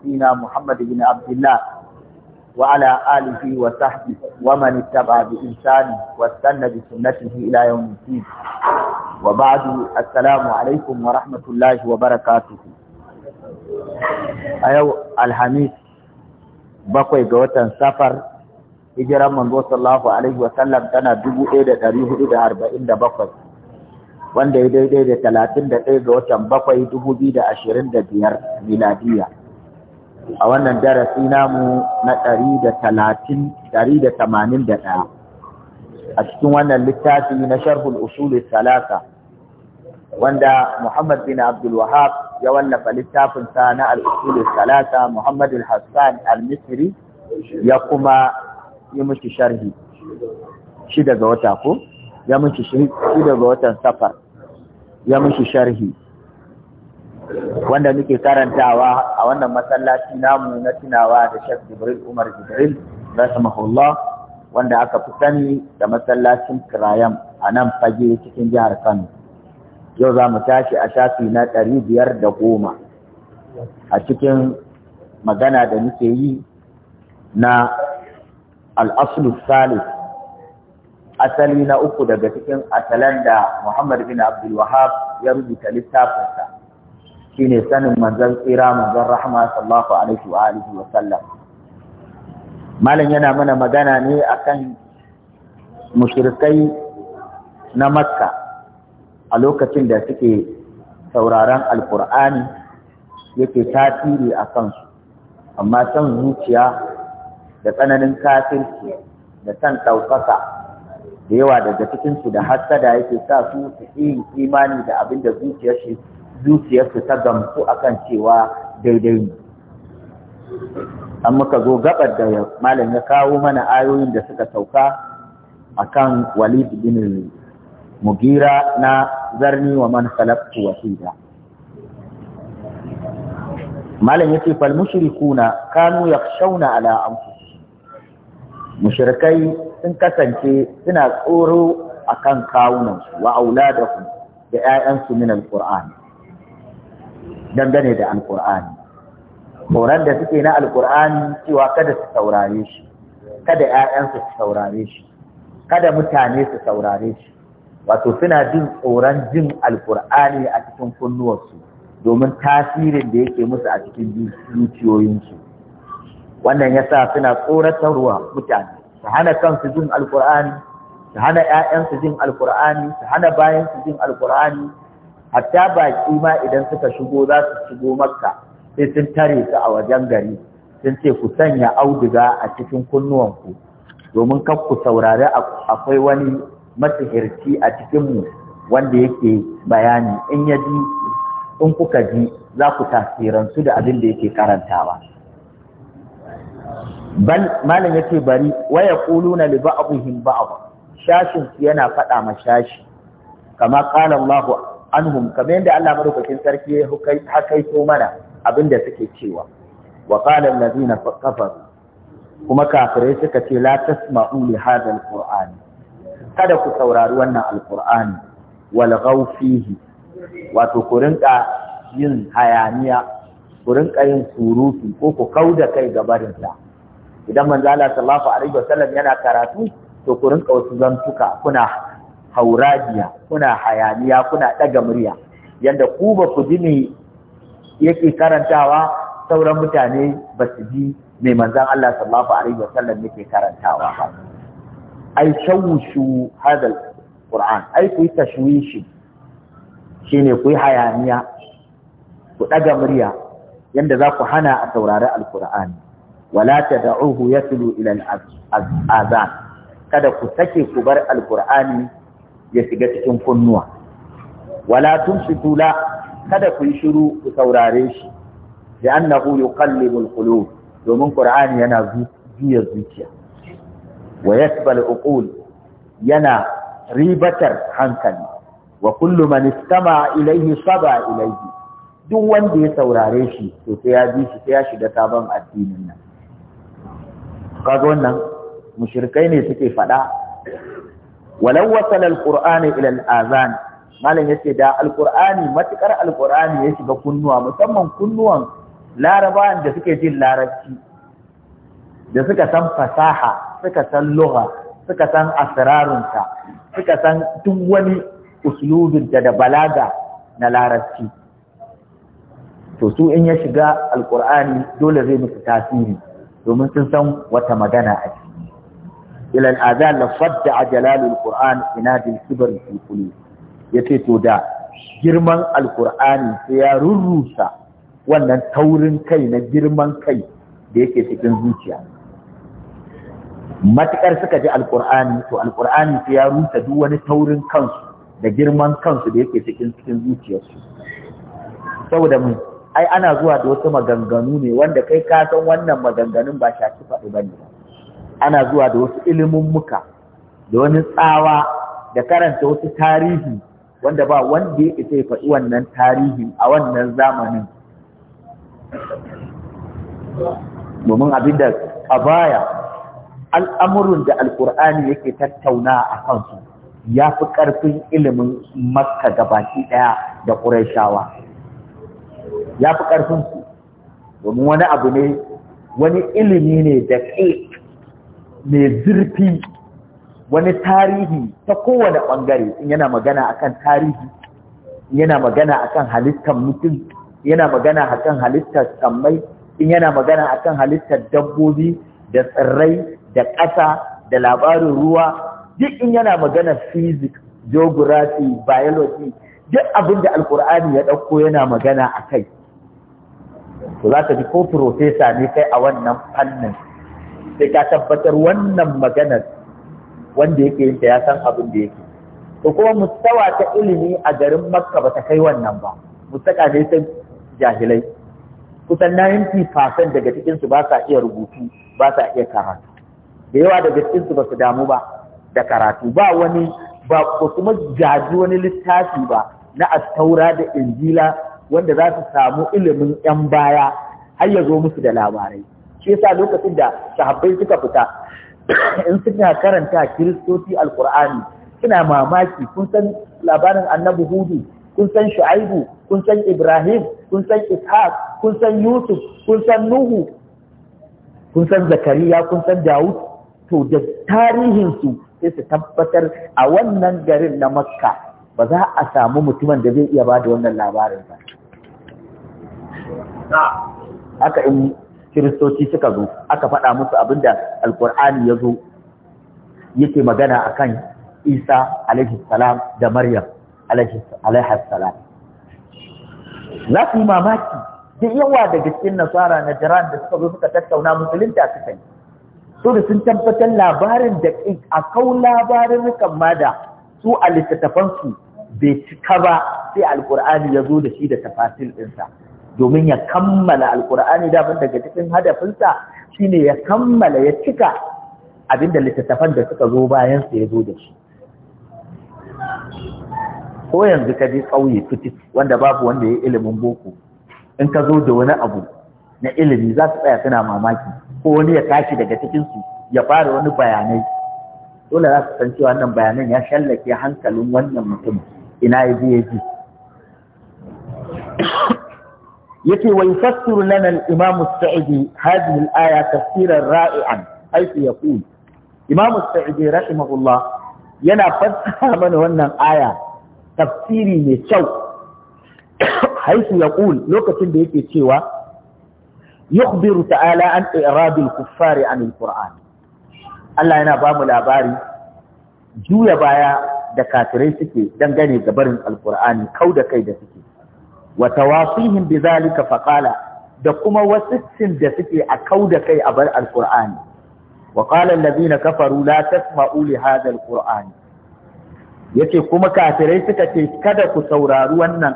نبينا محمد بن عبد الله وعلى آله وصحبه ومن اتبع بإنسانه واستنى بسنته إلى يوم الدين وبعد السلام عليكم ورحمة الله وبركاته أيو الحميد bakwai ga watan safar hijiran manzo sallallahu alaihi wasallam tana bakwai, wanda ya daidai da talatin da ɗaya ga watan bakwai dubu biyu da da biyar miladiya a wannan darasi namu na ɗari da tamanin da ɗaya a cikin wannan littafi na sharhul usul salasa wanda Muhammad bin Abdul Wahab ya wallafa littafin sa na al-usul salasa Muhammad al-Hassan al-Misri ya kuma yi miki sharhi shi daga wata ko ya miki shi daga watan safar ya miki sharhi wanda muke karantawa a wannan masallaci namu na tunawa da Sheikh Jibril Umar Jibril rahimahullah wanda aka fi sani da masallacin Kirayam a nan fage cikin jihar Kano yau za mu tashi a shafi na ɗari biyar da goma a cikin magana da muke yi na alaslu salis asali na uku daga cikin asalan da Muhammad bin Abdul Wahab ya rubuta littafinsa shine sanin manzon tsira manzon rahma sallallahu alaihi wa alihi wa sallam malam yana mana magana ne akan mushrikai na makka a lokacin da suke sauraron alkur'ani yake tasiri a kansu amma san zuciya da tsananin kafirci da son ɗaukaka da yawa daga cikinsu da hassada yake sa su su imani da abin da zuciyarsu zuciyarsu ta gamsu akan cewa daidai ne an muka zo gabar da malam ya kawo mana ayoyin da suka sauka kan walid bin mugira na zarni wa man khalaqtu wahida malam yace fal mushrikuna kanu yakhshawna ala anfusihim Mushirikai sun kasance suna tsoro akan kawunan su wa auladahum da 'ya'yansu min alqur'ani dangane da alkur'ani horon da suke na alkur'ani cewa kada su saurare shi kada 'ya'yansu su saurare shi kada mutane su saurare shi wato suna jin tsoron jin alkur'ani a cikin kunnuwarsu domin tasirin da yake musu a cikin zuciyoyinsu wannan yasa suna tsoratarwa mutane su hana kansu jin alkur'ani su hana 'ya'yansu jin alkur'ani su hana bayansu jin alkur'ani hatta baƙi ma idan suka shigo za su shigo makka sai sun tare su a wajen gari sun ce ku sanya auduga a cikin kunnuwanku domin kan ku saurari akwai wani matsihirci a cikinmu wanda yake bayani in ya ji in kuka ji za ku tasirantu da abin da yake karantawa bal malam yace bari waya quluna li ba'dihim ba'd shashin yana faɗa ma shashi kama qala anhum kamar yadda Allah madaukakin sarki ya hakaito mana abinda suke cewa wa qala allazina kafar. kuma kafirai suka ce la tasma'u li hadha alqur'ani kada ku saurari wannan alqur'ani wal fihi wato ku rinka yin hayaniya ku rinka yin surutu ko ku kauda kai gabarin sa idan manzo Allah sallallahu alaihi wasallam yana karatu to ku rinka wasu zantuka kuna Hauradiya kuna hayaniya kuna daga murya yanda ku ba ku ji ne yake karantawa sauran mutane ba su ji mai manzan Allah sallallahu alaihi wasallam yake karantawa ba ai shawushu hadal qur'an ai ku tashwishi shine ku hayaniya ku daga murya yanda za ku hana a saurari alqur'ani wala tad'uhu yatlu ila al-azan kada ku sake ku bar alqur'ani ya shiga cikin kunnuwa wala tun la kada ku yi shiru ku saurare shi da annahu kalli qulub domin qur'ani yana juya zuciya wa yasbal uqul yana ribatar hankali wa kullu man istama ilayhi saba ilayhi duk wanda ya saurare shi to sai ya bi shi sai ya shiga sabon addinin nan kaga wannan mushrikai ne suke fada walau wasala alqur'ani ila al'azan malam yace da alqur'ani matukar Alƙur'ani ya shiga kunnuwa musamman kunnuwan larabawan da suke jin larabci da suka san fasaha suka san lugha suka san asrarunta suka san duk wani uslubin da da balaga na larabci to su in ya shiga alkur'ani dole zai musu tasiri domin sun san wata magana a ila al'adha la fadda jalalul qur'an inadil kibr fi qulub yace to da girman alqur'ani sai ya rurrusa wannan taurin kai na girman kai da yake cikin zuciya matukar suka ji Alkur'ani to Alkur'ani sai ya rusa duk wani taurin kansu da girman kansu da yake cikin cikin zuciyarsu saboda mu ai ana zuwa da wasu maganganu ne wanda kai ka wannan maganganun ba shafi faɗi bane ba ana zuwa da wasu muka da wani tsawa da karanta wasu tarihi wanda ba wanda ya isa ya faɗi wannan tarihin a wannan zamanin domin abin da a baya al'amurin da alƙur'ani yake tattauna a kansu ya fi ƙarfin ilimin makka gabaki ɗaya da ƙuraishawa ya fi su, domin wani abu ne wani ilimi ne da ke mai zurfi wani tarihi ta kowane ɓangare in yana magana akan tarihi yana magana kan halittar mutum yana magana akan halittar sammai in yana magana akan halittar dabbobi da tsirrai da ƙasa da labarin ruwa duk in yana magana fizik geography biology duk abin da alkur'ani ya ɗauko yana magana a kai to za ka ji ko profesa ne kai a wannan fannin sai ka tabbatar wannan maganar wanda yake yin ya san abin da yake to kuma mustawa ta ilimi a garin makka ba ta kai wannan ba mustaka ne ta jahilai kusan 90% daga cikinsu ba sa iya rubutu ba sa iya karatu da yawa daga cikinsu ba su damu ba da karatu ba wani ba kuma gaji wani littafi ba na attaura da injila wanda za su samu ilimin 'yan baya har ya zo musu da labarai shi yasa lokacin da sahabbai suka fita in suna karanta kiristoci alkur'ani suna mamaki kun san labarin annabi hudu kun san shu'aibu kun san ibrahim kun san ishaq kun san yusuf kun san nuhu kun san zakariya kun san dawud to da tarihinsu sai su tabbatar a wannan garin na makka ba za a samu mutumin da zai iya ba da wannan labarin ba haka in kiristoci suka zo aka faɗa musu abinda alkur'ani ya zo yake magana akan isa alaihi da maryam alaihi za su yi mamaki da yawa daga cikin nasara na jiran da suka zo suka tattauna musulunta su yi so da sun tabbatar labarin da a kau labarin rukan ma da su a littattafansu bai cika ba sai alkur'ani ya zo da shi da tafasil ɗinsa domin ya kammala alkur'ani daban daga cikin hadafinsa shine ya kammala ya cika abinda littattafan da suka zo bayan ya zo da su. ko yanzu ka je ƙauye fitit wanda babu wanda ya yi ilimin boko in ka zo da wani abu na ilimi za su tsaya suna mamaki ko wani ya tashi daga cikinsu ya fara wani bayanai dole za su san cewa wannan bayanan ya shallake hankalin wannan mutum ina ya ya ji yake wa yufassiru lana al-imam as-sa'idi hadhihi al-aya tafsiran ra'ian haythu yaqul imam as-sa'idi rahimahullah yana fassara mana wannan aya tafsiri mai kyau haythu yaqul lokacin da yake cewa yukhbiru ta'ala an i'rabil kuffari an al-qur'an Allah yana ba mu labari juya baya da kafirai suke dangane ga barin alkur'ani kau da kai da suke wa tawasihim bidhalika faƙala, da kuma wasittin da suke a kau da kai a bar alqur'ani wa qala na kafaru la tasma'u hadar hadha Ya yace kuma kafirai suka ce kada ku saurari wannan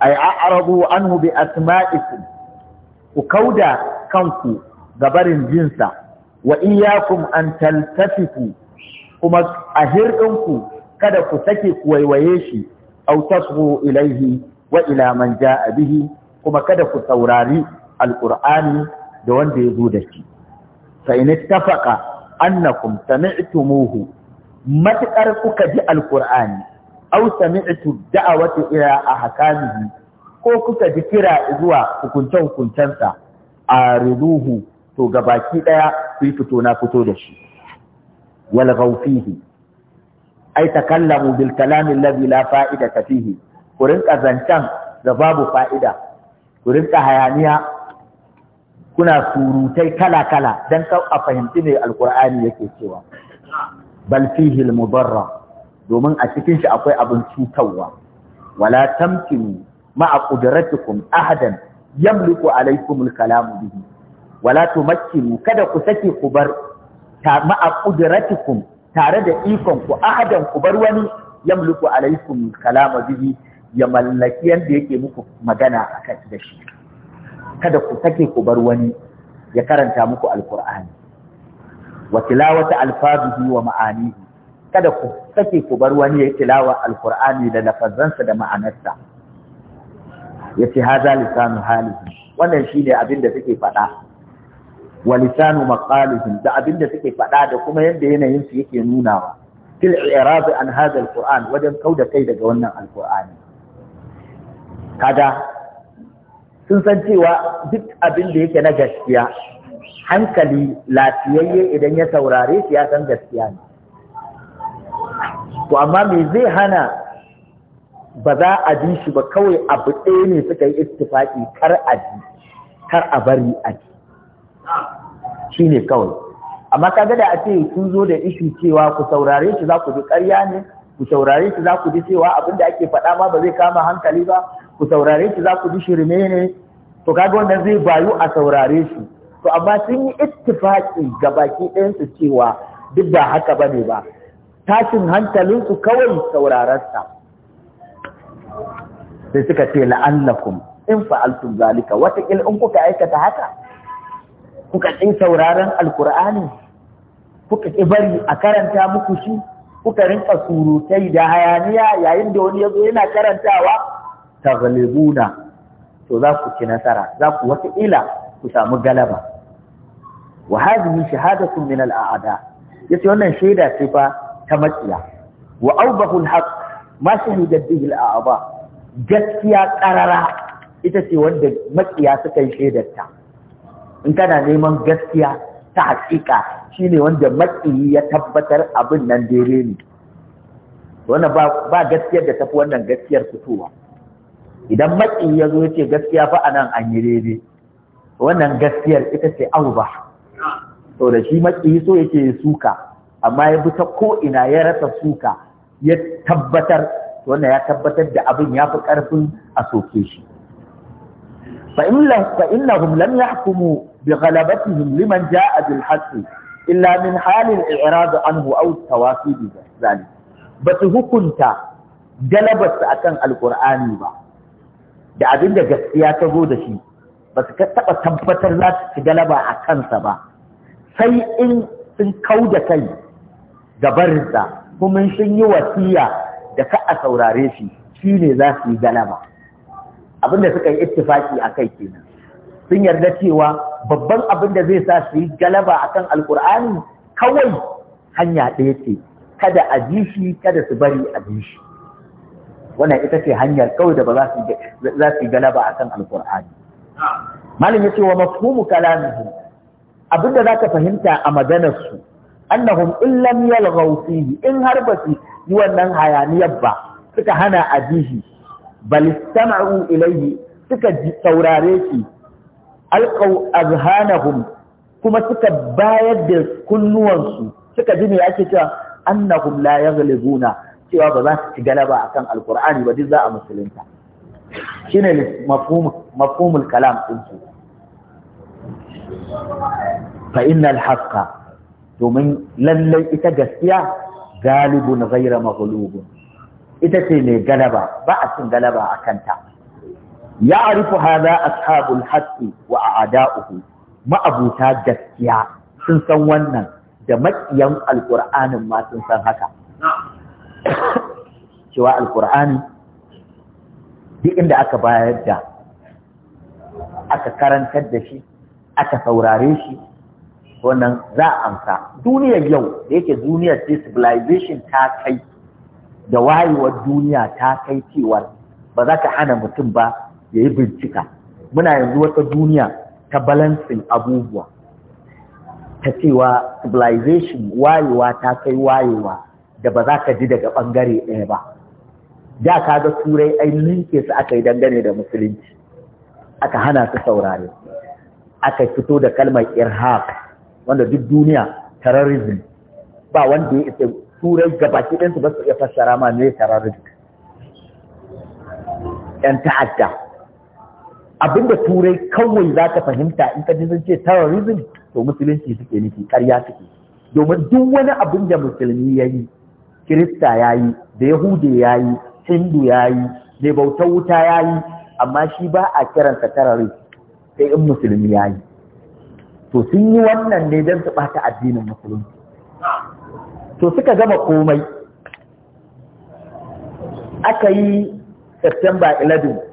Ai ay a'radu an hubi asma'ikum ku kauda kanku ga barin jinsa wa iyyakum an taltafiku kuma a hirɗinku kada ku sake ku waiwaye shi aw tasghu ilayhi wa ila man jaa bihi kuma kada ku taurari alqur'ani da wanda ya zo da shi fa in ittafaqa annakum sami'tumuhu matakar kuka ji Alkur'ani, alqur'ani aw sami'tu da'awati ila ahkamihi ko kuka ji kira zuwa hukunce hukuncensa a riduhu to gabaki ɗaya kuyi fito na fito da shi wal fihi ai takallamu bil kalami alladhi la fa'idata fihi ku rinka zancan da babu fa'ida ku rinka hayaniya kuna surutai kala-kala Dan kau a fahimci ne alkur'ani yake cewa bal fihi mubarra domin a cikin shi akwai abin cutarwa wala tamkinu ma'a qudratikum ahadan yamliku alaykum al-kalamu bihi wala tumakkinu kada ku sake ku bar ta ma'a qudratikum tare da ikon ku ku bar wani yamluku alaikum kalama bihi ya mallaki yanda yake muku magana akan da shi kada ku sake ku bar wani ya karanta muku alqur'ani wa tilawata alfazihi wa ma'anihi kada ku sake ku bar wani ya tilawa alqur'ani da lafazansa da ma'anarsa ce haza lisanu halihi wannan shine abin da suke faɗa wa lisanu maqalihim da abin da suke faɗa da kuma yadda yanayin su yake nunawa fil i'rab an hadha alquran wajen kauda kai daga wannan alqurani kada sun san cewa duk abin da yake na gaskiya hankali lafiyayye idan ya saurare shi ya gaskiya ne to amma me zai hana ba za a ji shi ba kawai abu ɗaya ne suka yi istifaki kar a kar a bari a shi ne kawai amma kaga da a ce sun zo da ishu cewa ku saurare shi za ku ji ƙarya ne ku saurare shi za ku ji cewa abin da ake faɗa ma ba zai kama hankali ba ku saurare shi za ku ji shirme ne to kaga wannan zai bayu a saurare shi to amma sun yi ittifaki ga baki su cewa duk ba haka ba ne ba tashin su kawai saurararsa sai suka ce la'allakum in fa'altum zalika wata in kuka aikata haka kuka ƙi sauraron alkur'ani kuka ƙi bari a karanta muku shi kuka rinka surutai da hayaniya yayin da wani yazo yana karantawa taghlibuna to za ku ci nasara za ku wata ila ku samu galaba wa hadhihi shahadatun min al-a'da yace wannan shaida ce fa ta makiya wa awdahu al-haq ma shahidat al-a'da gaskiya qarara ita ce wanda makiya suka yi shaidar ta in kana neman gaskiya ta hakika ne wanda matsayi ya tabbatar abin nan dere ne wannan ba gaskiyar da tafi wannan gaskiyar fitowa idan matsayi ya zo ya ce gaskiya fa anan an yi daidai wannan gaskiyar ita ce auba to da shi matsayi so yake suka amma ya bi ta ko ya rasa suka ya tabbatar wannan ya tabbatar da abin ya fi ƙarfin a soke shi fa innahum lam yahkumu بغلبتهم لمن جاء بالحق إلا من حال الإعراض عنه أو التوافي بذلك hukunta جلبت أكن القرآن با da abin da gaskiya ta zo da shi ba su taɓa tabbatar za su galaba a kansa ba sai in sun kau da kai gabarinsa kuma sun yi wasiya da ka a saurare shi shi ne za su yi galaba abin da suka yi ittifaki a kai kenan sun yarda cewa babban abin da zai sa su yi galaba akan alkur'ani kawai hanya ɗaya ce kada a ji shi kada su bari a ji shi wannan ita ce hanyar kawai da ba za su yi galaba akan alkur'ani malam ya ce wa mafhumu kalamihu abin da zaka fahimta a maganar su annahum in lam yalghaw in har ba su yi wannan hayaniyar ba suka hana ajihi bal istama'u ilayhi suka saurare shi alqaw azhanahum kuma suka bayar da kunnuwansu suka ji ne ake cewa annahum la yaghlibuna cewa ba za su ci galaba akan alqur'ani ba duk za a musulunta shine mafhum mafhumul kalam din su fa innal domin lallai ita gaskiya galibun ghayra maghlubun ita ce mai galaba ba a cin galaba a ta. ya'rifu hadha ashabul haqqi wa a'da'uhu ma'abuta gaskiya sun san wannan da maƙiyan alƙur'anin ma sun san haka cewa alƙur'ani duk inda aka bayar da aka karantar da shi aka saurare shi wannan za a amsa duniyar yau da yake duniyar ce civilization ta kai da wayewar duniya ta kai cewar ba za ka hana mutum ba ya yi bincika muna yanzu wata duniya ta balansin abubuwa ta cewa civilization wayewa ta kai wayewa da ba za ka ji daga ɓangare ɗaya ba da ka ga turai ai linke su aka yi dangane da musulunci aka hana su saurare aka fito da kalmar irhaq wanda duk duniya terrorism ba wanda ya isa turai gabaki ɗinsu ba su iya fassara ma ne terrorism ‘yan ta'adda abinda turai kawai za ka fahimta in ka ji sun ce terrorism to musulunci suke nufi karya suke domin duk wani abin da musulmi ya yi kirista ya yi da yahude ya yi hindu ya yi mai bautar wuta ya yi amma shi ba a kiransa terrorist sai in musulmi ya yi to sun yi wannan ne don su ɓata addinin musulunci to suka gama komai aka yi September 11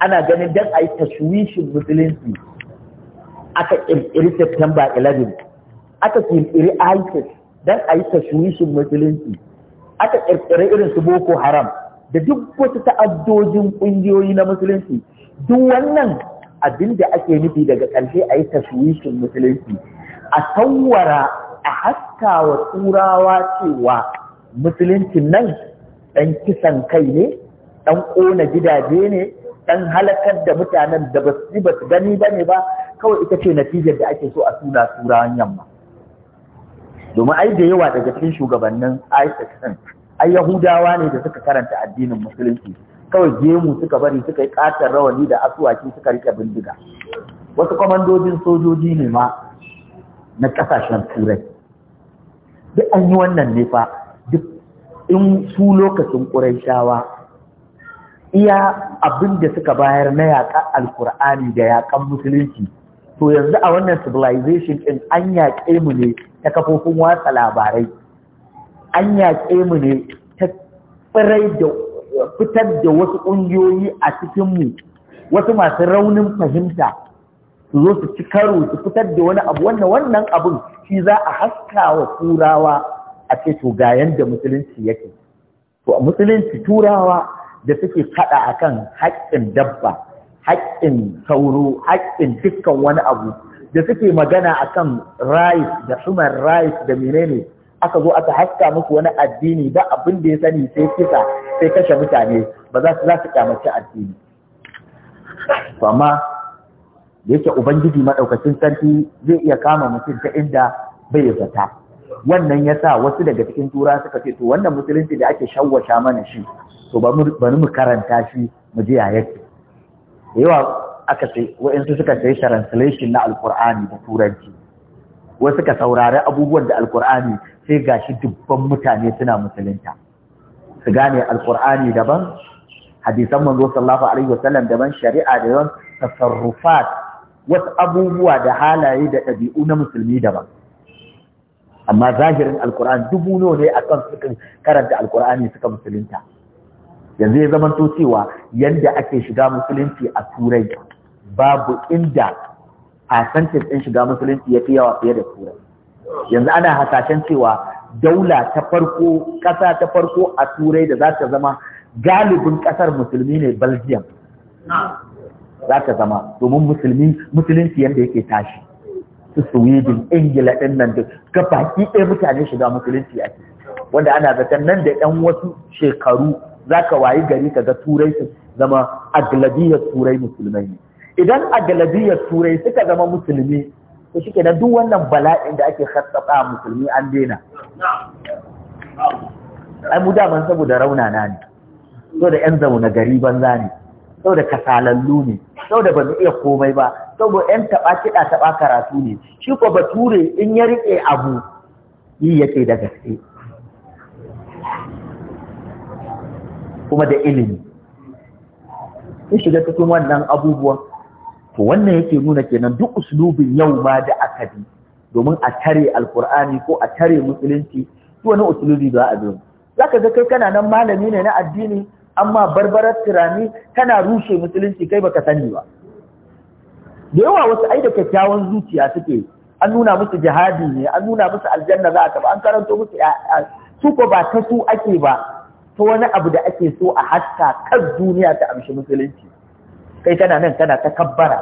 ana ganin dan a yi tashwishin musulunci aka ƙirƙiri September 11 aka ƙirƙiri ISIS dan a yi tashwishin musulunci aka ƙirƙiri irin su Boko Haram da duk wata ta'addojin ƙungiyoyi na musulunci duk wannan abin da ake nufi daga ƙarshe a yi tashwishin musulunci a tawara a haska wa turawa cewa musulunci nan ɗan kisan kai ne ɗan ƙona gidaje ne dan halakar da mutanen da ba su ba su gani ba ne ba kawai ita ce natijar da ake so a tura turawan yamma domin ai da yawa daga cikin shugabannin ISIS din ai Yahudawa ne da suka karanta addinin musulunci kawai gemu suka bari suka yi katar rawani da asuwaki suka rike bindiga wasu kwamandojin sojoji ne ma na kasashen turai duk an yi wannan ne fa duk in su lokacin ƙurai iya abin da suka bayar na yaƙa alkur'ani da yaƙan musulunci to yanzu a wannan civilization ɗin an yaƙe mu ne ta kafofin watsa labarai an yaƙe mu ne ta tsirai da fitar da wasu ƙungiyoyi a cikinmu wasu masu raunin fahimta su zo su ci karo su fitar da wani abu wannan wannan abin shi za a haska wa turawa a ce to ga yanda musulunci yake to musulunci turawa da suke faɗa akan haƙƙin dabba haƙƙin sauro haƙƙin dukkan wani abu da suke magana akan rights da human rights da menene aka zo aka haska musu wani addini ba abin da ya sani sai kisa sai kashe mutane ba za su za su kyamaci addini to amma da yake ubangiji madaukakin sarki zai iya kama mutum ta inda bai zata wannan yasa wasu daga cikin tura suka ce to wannan musulunci da ake shawwasha mana shi so bari mu karanta shi mu ji yayake yawa aka ce wa'insu suka sayi translation na alkur'ani da turanci wasu suka saurari abubuwan da alkur'ani sai gashi dubban mutane suna musulunta su gane alkur'ani daban hadisan manzo sallallahu alaihi wasallam daban shari'a da yawan tasarrufat wasu abubuwa da halaye da ɗabi'u na musulmi daban amma zahirin alkur'ani dubu ne akan suka karanta alkur'ani suka musulunta yanzu ya zama to cewa yadda ake shiga musulunci a turai babu inda percentage ɗin shiga musulunci ya fi yawa fiye da turai yanzu ana hasashen cewa daula ta farko ƙasa ta farko a turai da za ta zama galibin ƙasar musulmi ne belgium za ta zama domin musulmi musulunci yadda yake tashi su sweden ingila ɗin nan da ga ɗaya mutane shiga musulunci ake wanda ana zaton nan da ɗan wasu shekaru za ka wayi gari ka ga turai su zama aglabiyar turai musulmai ne idan aglabiyar turai suka zama musulmi to shi duk wannan bala'in da ake a musulmi an daina ai mu daman saboda raunana ne saboda yan zaune gari banza ne saboda kasalallu ne saboda ba iya komai ba saboda yan taɓa kiɗa taɓa karatu ne shi ko bature in ya riƙe abu yi yake da gaske kuma da ilimi In shiga cikin wannan abubuwan to wannan yake nuna kenan duk uslubin yau ma da aka bi domin a tare alkur'ani ko a tare musulunci wani uslubi ba a zo za ka ga kai kana nan malami ne na addini amma barbarar turani tana rushe musulunci kai baka sani ba da yawa wasu ai da kyakkyawan zuciya suke an nuna musu jihadi ne an nuna musu aljanna za a taba an karanto musu su ko ba ta su ake ba ta wani abu da ake so a haska kan duniya ta amshi musulunci kai kana nan kana ta kabbara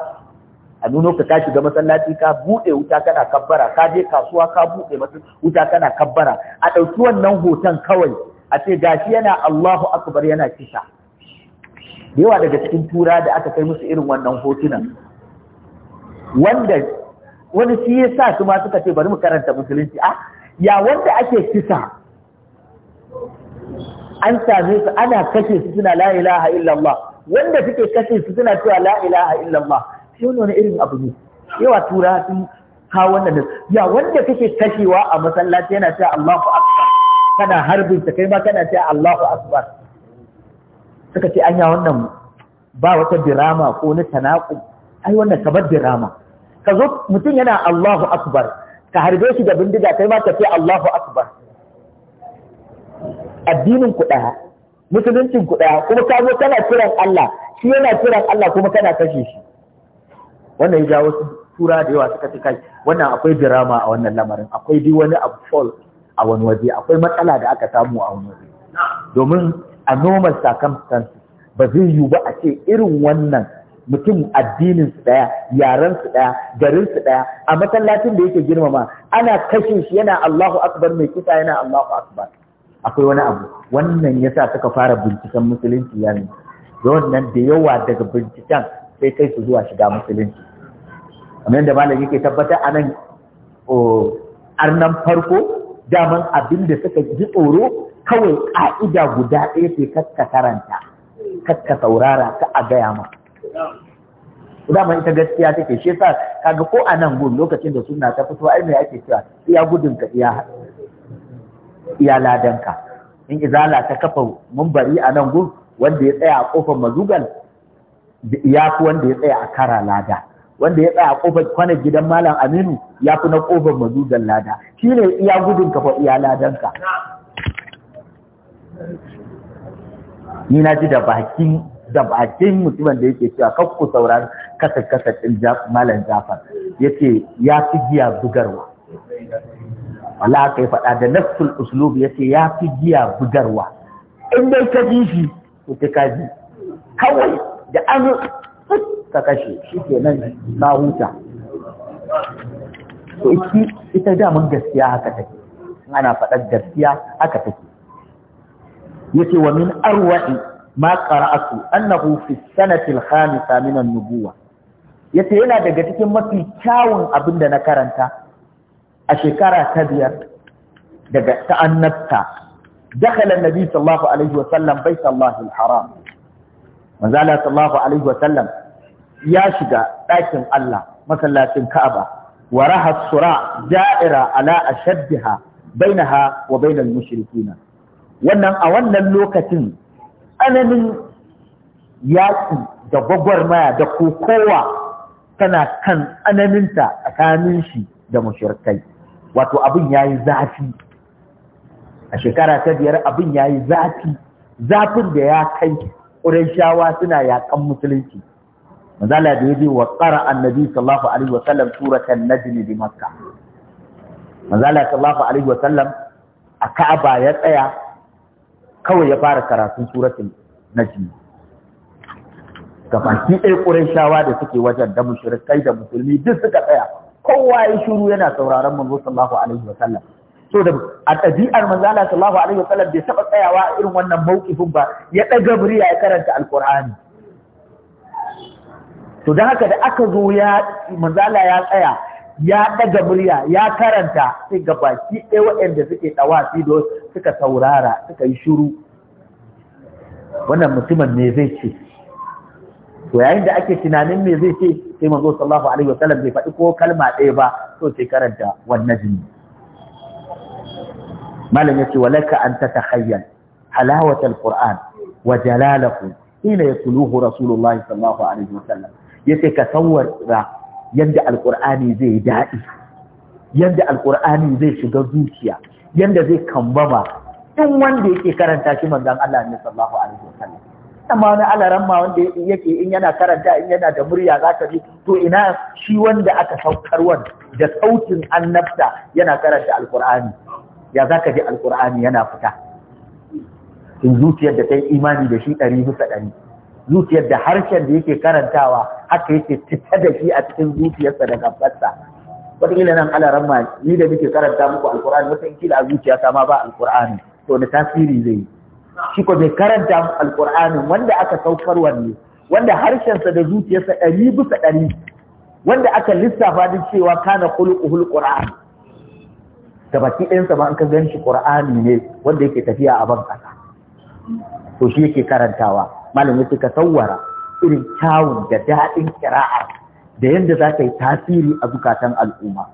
a nuno ka tashi ga masallaci ka buɗe wuta kana kabbara ka je kasuwa ka buɗe wuta kana kabbara a ɗauki wannan hoton kawai a ce gashi yana Allahu akbar yana kisha yawa daga cikin tura da aka kai musu irin wannan hotunan wanda wani shi ya sa su ma suka ce bari mu karanta musulunci a ah, ya wanda ake kisa an same su ana kashe su suna la ilaha illallah wanda suke kashe su suna cewa la ilaha illallah shi wani irin abu ne yawa tura sun ha wannan da ya wanda kake kashewa a masallaci yana cewa Allahu akbar kana harbin ta kai ma kana cewa Allahu akbar suka ce anya wannan ba wata dirama ko na tanaqub ai wannan kamar dirama ka zo mutum yana Allahu akbar ka harbe shi da bindiga kai ma ka ce Allahu akbar addinin ku ɗaya musuluncin ku ɗaya kuma ka zo kana kiran Allah shi yana kiran Allah kuma tana kashe shi wannan ya ja wasu tura da yawa suka ci kai wannan akwai dirama a wannan lamarin akwai duk wani abu fall a wani waje akwai matsala da aka samu a wani waje domin a normal circumstances ba zai yiwu ba a ce irin wannan mutum addinin su daya yaran su daya garin su daya a masallacin da yake girmama ana kashe shi yana Allahu akbar mai kisa yana Allahu akbar akwai wani abu wannan ya sa suka fara binciken musulunci ya ne da wannan da yawa daga binciken sai kai su zuwa shiga musulunci kamar da malam yake tabbatar a nan arnan farko daman abin da suka ji tsoro kawai ka'ida guda ɗaya ce kakka karanta kakka saurara ka a gaya ma daman ita gaskiya take shi yasa kaga ko a nan gun lokacin da suna ta fito ai me ake cewa iya gudun ka iya iya ladanka in izala ta kafa mumbari a nan gun wanda ya tsaya a kofar mazugal ya fi wanda ya tsaya a kara lada wanda ya tsaya a kofar kwanan gidan malam aminu ya fi na kofar mazugal lada shi ne iya gudun kafa iya ladanka ni na ji da bakin da bakin mutumin da yake cewa kan sauran kasa kasar kasar ɗin malam jafar yace ya fi giya bugarwa Wala ka yi faɗa da nafsul uslub ya ce ya fi jiya bugarwa in dai ka ji shi to ta ka ji kawai da an ka kashe shi ke nan na huta to ita mun gaskiya haka take ana faɗar gaskiya haka take yace wa min arwa'i ma qara'atu annahu fi sanati al-khamisa min an-nubuwah yace yana daga cikin mafi kyawun abinda na karanta a shekara ta biyar daga ta'annabta dakhala annabi sallallahu alaihi wa sallam bait Allah al manzo Allah sallallahu alaihi wa sallam ya shiga ɗakin Allah masallacin Ka'aba wa raha sura da'ira ala ashaddiha bainaha wa bainal mushrikina wannan a wannan lokacin tsananin yaƙi da gwagwarmaya da kokowa tana kan tsananinta tsakanin shi da mushrikai wato abin ya yi zafi a shekara ta biyar abin ya yi zafi zafin da ya kai shawa suna yaƙan musulunci mazala da ya je wa tsara annabi sallallahu alaihi wa sallam suratan najmi bi makka manzala sallallahu alaihi wa sallam a ka'aba ya tsaya kawai ya fara karatun suratul najmi gabaki ɗaya shawa da suke wajen da mushrikai da musulmi duk suka tsaya kowa ya shiru yana sauraron manzo sallallahu alaihi wa sallam so da a ɗabi'ar manzo sallallahu alaihi wa sallam bai saba tsayawa irin wannan mawqifin ba ya daga murya ya karanta alqur'ani to dan haka da aka zo ya manzo ya tsaya ya daga murya ya karanta sai ga baki ɗaya waɗanda suke ɗawafi da suka saurara suka yi shiru wannan mutumin ne zai ce to yayin da ake tunanin me zai ce sai manzo sallallahu alaihi wasallam bai faɗi ko kalma ɗaya ba to sai karanta wannan jini malam yace walaka an tatakhayyal halawata alquran wa jalalahu hina yatluhu rasulullahi sallallahu alaihi wasallam yace ka tsawwara yadda alqur'ani zai daɗi yadda alqur'ani zai shiga zuciya yadda zai kambama ɗan wanda yake karanta shi manzon Allah ne sallallahu alaihi amma wani alaran ma wanda yake in yana karanta in yana da murya za ka ji to ina shi wanda aka wani da sautin annabta yana karanta alkur'ani ya za ka ji alkur'ani yana fita in zuciyar da ta yi imani da shi ɗari bisa ɗari zuciyar da harshen da yake karantawa haka yake fita da shi a cikin zuciyarsa da gabarsa wataƙila nan alaran ma ni da muke karanta muku alkur'ani wata kila a zuciya ta ma ba alkur'ani to da tasiri zai yi shi ko bai karanta mu alqur'anin wanda aka saukar wanne wanda harshensa da zuciyarsa ɗari bisa ɗari wanda aka lissafa da cewa kana khuluquhul qur'an da baki ɗayansa ba an ka gan shi ƙur'ani ne wanda yake tafiya a ban ƙasa to shi yake karantawa malamin ka sawwara irin kyawun da daɗin kira'ar da yadda za ta yi tasiri a zukatan al'umma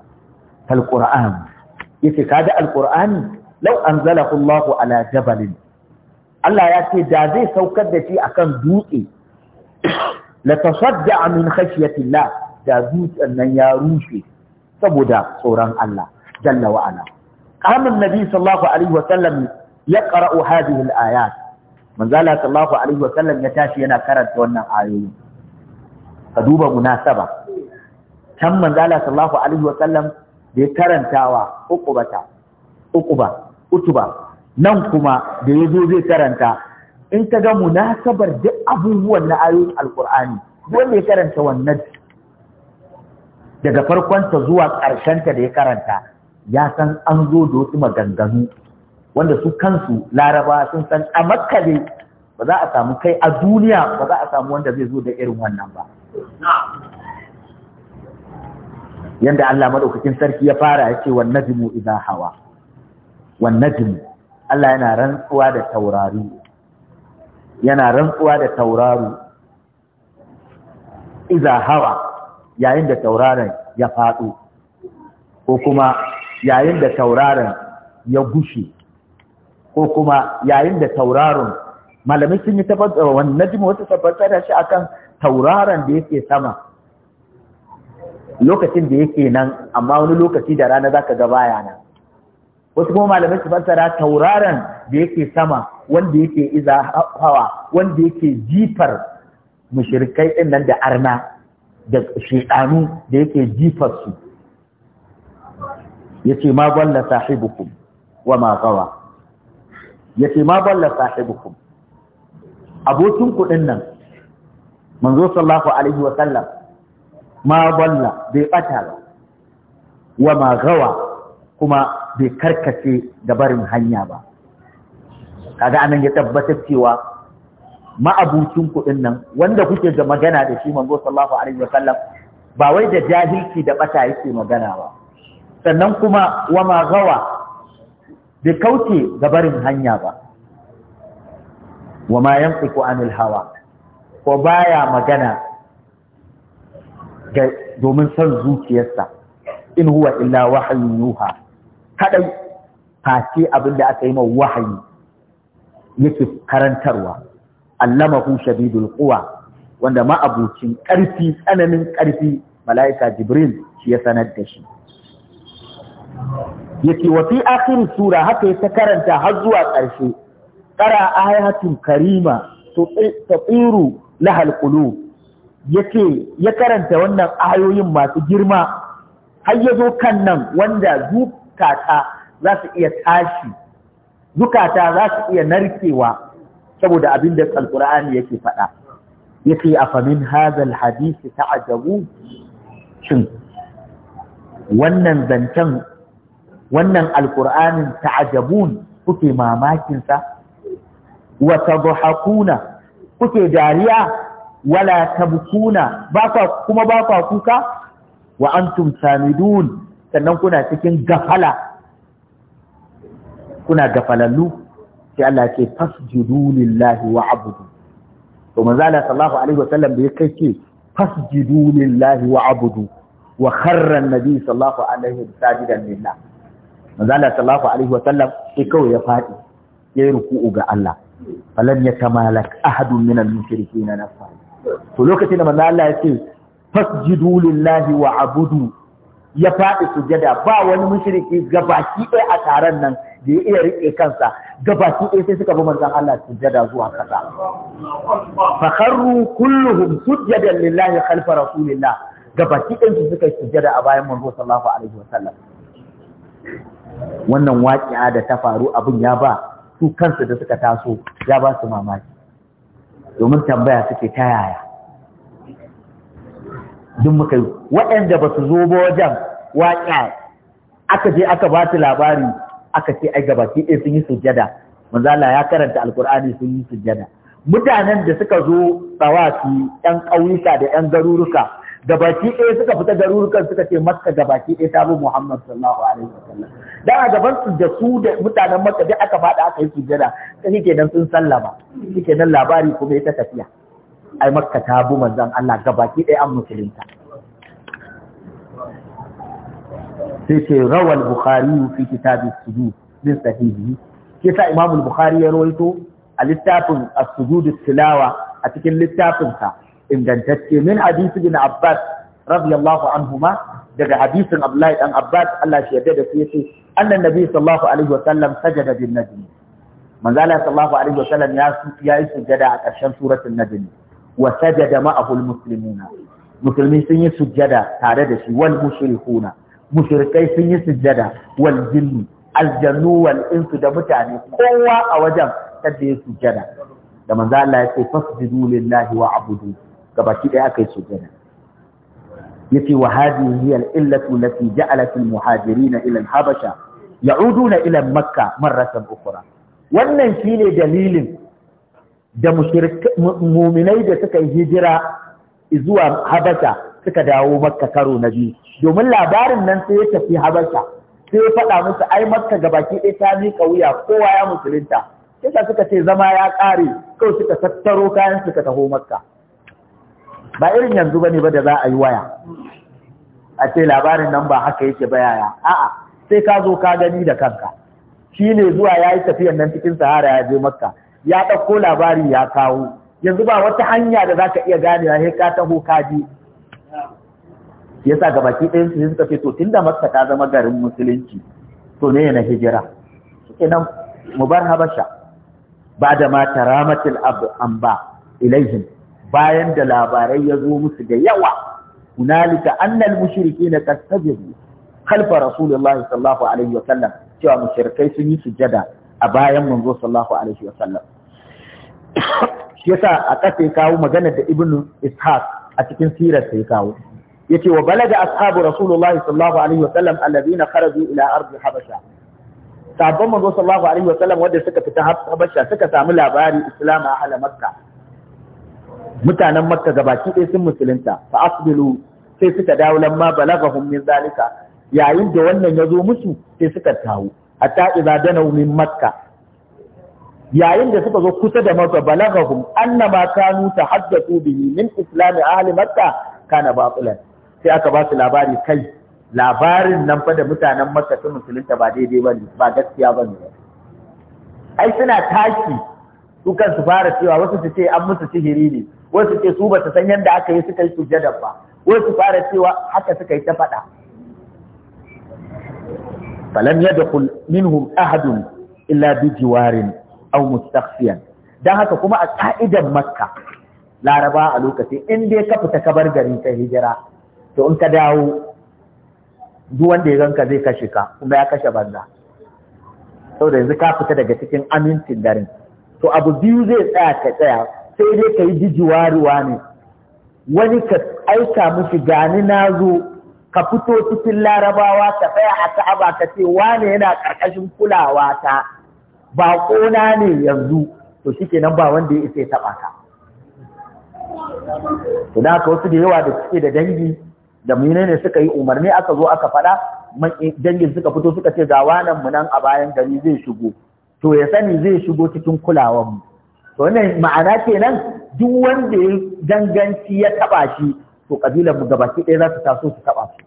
Alƙur'ani yace kada alƙura'ani lau an zalahu ala jabalin Allah ya ce da zai saukar da shi akan dutse la tasadda min khashyatillah da dutsen nan ya rushe saboda tsoron Allah jalla wa ala qamin nabi sallallahu alaihi wa sallam yaqra'u hadhihi al-ayat manzo Allah sallallahu alaihi wa sallam ya tashi yana karanta wannan ayoyi ka duba munasaba can manzo Allah sallallahu alaihi wa sallam da ya karantawa uqubata uquba utuba nan kuma da ya zo zai karanta in ka ga munasabar da abubuwan na ayoyin alkur'ani dole ya karanta wannan daga farkonta zuwa ƙarshenta da ya karanta ya san an zo da wasu maganganu wanda su kansu laraba sun san a makale ba za a samu kai a duniya ba za a samu wanda zai zo da irin wannan ba yanda Allah madaukakin sarki ya fara ya ce wan jimu idha hawa wan jimu." Allah yana rantsuwa da taurari yana rantsuwa da tauraru iza hawa yayin da tauraron ya faɗo ko kuma yayin da tauraron ya gushe ko kuma yayin da tauraron malamai sun yi tabbatar wannan najmi wata tabbatar da shi akan tauraron da yake sama lokacin da yake nan amma wani lokaci da rana zaka ga baya nan wasu kuma malamai su fassara tauraron da yake sama wanda yake iza hawa wanda yake jifar mushrikai din nan da arna da shedanu da yake jifar su yace ma balla sahibukum wa ma gawa yace ma balla sahibukum abokin ku din nan manzo sallallahu alaihi wa sallam ma balla bai bata wa ma gawa kuma bai karkace da barin hanya ba kaga anan ya tabbatar cewa ma'abucin kuɗin nan wanda kuke da magana da shi manzo sallallahu alaihi wasallam ba wai da jahilci da bata yake magana ba sannan kuma wa ma gawa bai kauce ga barin hanya ba wa ma yantiqu anil hawa ko baya magana domin son zuciyarsa in huwa illa wahayin yuha kadai face abin da aka yi mai wahayi yake karantarwa allamahu shadidul quwa wanda ma'abucin ƙarfi tsananin ƙarfi mala'ika jibril shi ya sanar da shi yake wa fi akhir sura haka ya ta karanta har zuwa ƙarshe qara ayatul karima tatiru lahal qulub yake ya karanta wannan ayoyin masu girma har yazo zo kan nan wanda zukata za su iya tashi zukata za su iya narkewa saboda abin da alkur'ani yake faɗa yake a famin hazal hadisi ta'ajabu shin wannan zancen wannan alkur'anin ta'ajabun kuke mamakinsa wa tadhakuna kuke dariya wala tabkuna kuma ba kuka wa antum samidun sannan kuna cikin gafala kuna gafalallu sai Allah ce fasjudu lillahi wa abudu to manzo Allah sallallahu alaihi sallam da ya yake ce fasjudu lillahi wa abudu wa kharra annabi sallallahu alaihi sajidan lillah manzo Allah sallallahu alaihi wasallam sai kawai ya fadi yayi ruku'u ga Allah falam yatamalak ahadun min al-mushrikeena nafsa to lokacin da manzo Allah ya ce fasjudu lillahi wa abudu ya faɗi sujada ba wani mushriki gabaki ɗaya a taron nan da ya iya riƙe kansa gabaki ɗaya sai suka bi manzon Allah sujada zuwa kasa fa kharru kulluhum sujada lillahi khalfa rasulillah gabaki ɗaya su suka sujada a bayan manzo sallallahu alaihi wasallam wannan waƙiya da ta faru abin ya ba su kansu da suka taso ya ba su mamaki domin tambaya suke ta yaya duk muka yi waɗanda ba su zo ba wajen waƙa aka je aka ba su labari aka ce ai gabaki ɗaya sun yi sujjada manzala ya karanta alkur'ani sun yi sujjada mutanen da suka zo tsawaki ƴan ƙauyuka da ƴan garuruka gabaki ɗaya suka fita garurukan suka ce makka gabaki ɗaya ta bi muhammad sallallahu alaihi sallam dan a gaban su da su da mutanen maka duk aka faɗa aka yi sujjada sai kenan sun sallama kenan labari kuma ya tafiya ai makka ta bu manzan Allah gabaki ɗaya an musulunta sai ce rawar bukhari fi kitabi sujud min sahihi ke sa Imamul bukhari ya rawaito a littafin as-sujud tilawa a cikin littafinsa, ingantacce min hadisi bin abbas radiyallahu anhuma daga hadisin abdullahi dan abbas Allah shi yadda da su yace annan nabi sallallahu alaihi wa sallam sajada bin najm manzo Allah sallallahu alaihi wa sallam ya yi sujada a ƙarshen suratul najm wa sajada ma'ahu almuslimuna musulmi sun yi sujjada tare da shi wal mushrikuna mushrikai sun yi sujjada wal jinni aljannu wal insu da mutane kowa a wajen sadda ya sujjada da manzo Allah ya ce fasjudu lillahi wa abudu gabaki daya akai sujjada yace wa hadhihi hiya al-illatu allati ja'alat al-muhajirin ila al-habasha na ilan Makka, marasa ukhra wannan shine dalilin da muminai da suka yi hijira zuwa habasha suka dawo makka karo na biyu domin labarin nan sai ya tafi habasha sai ya faɗa musu ai makka ga baki ɗaya ta wuya kowa ya musulunta Kisa suka ce zama ya ƙare kawai suka tattaro kayan suka taho makka ba irin yanzu bane ba da za a yi waya a ce labarin nan ba haka yake ba yaya a'a sai ka zo ka gani da kanka shi ne zuwa ya yi tafiyan nan cikin sahara ya je makka ya ɗauko labari ya kawo yanzu ba wata hanya da za ka iya gane ya ka taho ka ji Ya sa gabaki ɗin su suka ce to da Masa ta zama garin musulunci to ne na hijira nan mu bar habasha ba da ma an ba ilaihim bayan da labarai ya zo musu da yawa hunalika annal mushrikeena tastajib khalfa rasulullahi sallallahu alaihi wa sallam cewa mushrikai sun yi sujada a bayan manzo sallallahu alaihi wasallam shi yasa a ƙasa ya kawo magana da ibn ishaq a cikin sirar sai kawo yace wa balaga ashabu rasulullahi sallallahu alaihi wasallam alladhina kharaju ila ardi habasha sabon manzo sallallahu alaihi wasallam wanda suka fita habasha suka samu labarin islam a hala makka mutanen makka gabaki ɗaya sun musulunta fa asbilu sai suka dawo lamma balagahum min zalika yayin da wannan ya zo musu sai suka tawo hatta idza dana min makka yayin da suka zo kusa da makka balagahum annama kanu tahaddathu bihi min islam ahli makka kana batilan sai aka ba su labari kai labarin nan fa da mutanen makka sun musulunta ba daidai ba ne, ba gaskiya ba ne ai suna taki su su fara cewa wasu su ce an musu sihiri ne wasu ce su ba su san yadda aka yi suka yi sujjada ba wasu fara cewa haka suka yi ta faɗa falam yadkhul minhum ahadun illa bi jiwarin aw mustakhfiyan dan haka kuma a ka'idan makka laraba a lokacin in dai ka fita ka bar gari ka hijira to in ka dawo duk wanda ya ganka zai kashe ka kuma ya kashe banza saboda yanzu ka fita daga cikin amincin garin to abu biyu zai tsaya ka tsaya sai dai ka yi jijiwaruwa ne wani ka aika mushi gani na zo ka fito cikin larabawa ka tsaya a ka'aba ka ce wane yana ƙarƙashin kulawa ta ba ƙona ne yanzu to nan ba wanda ya isa ya taɓa ka to da wasu da yawa da suke da dangi da menene suka yi umarni aka zo aka faɗa eh, dangin suka fito suka ce ga wanan mu nan a bayan gari zai shigo to ya sani zai shigo cikin kulawan mu to wannan ma'ana kenan duk wanda ya ganganci ya taɓa shi to kabilar mu gabaki ɗaya za su taso su taɓa. su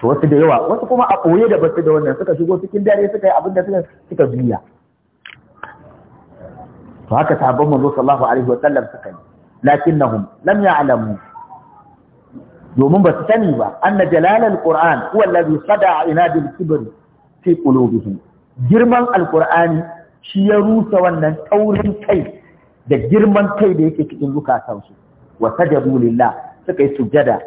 to wasu da yawa wasu kuma a ɓoye da basu da wannan suka shigo cikin dare suka yi abinda da suka suka biya to haka sahabban manzo sallallahu alaihi wa sallam suka yi lakinnahum lam ya'lamu domin ba su sani ba anna jalalal qur'an huwa allazi sada inadil kibr fi qulubihim girman alqur'ani shi ya rusa wannan taurin kai da girman kai da yake cikin zukatansu wa sajadu lillah suka yi sujada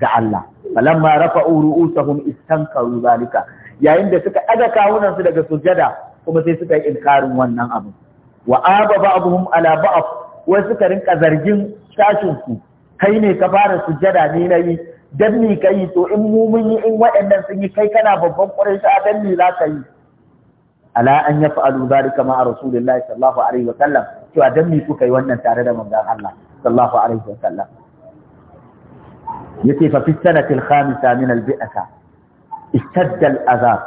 ga Allah falamma rafa'u ru'usahum istankaru zalika yayin da suka ɗaga kawunan su daga sujada kuma sai suka yi inkarin wannan abu wa aba ba'dhum ala ba'd wa suka rinka zargin tashin su kai ne ka fara sujada ne nayi dan ni kai to in mu mun yi in waɗannan sun yi kai kana babban quraishi a dan ni za ka yi ala an yaf'alu zalika ma'a rasulillahi sallallahu alaihi wa sallam to a dan ni kuka yi wannan tare da manzon Allah sallallahu alaihi wa sallam yace fa fi sanatil khamisa min al-bi'ata ishtadda al-azab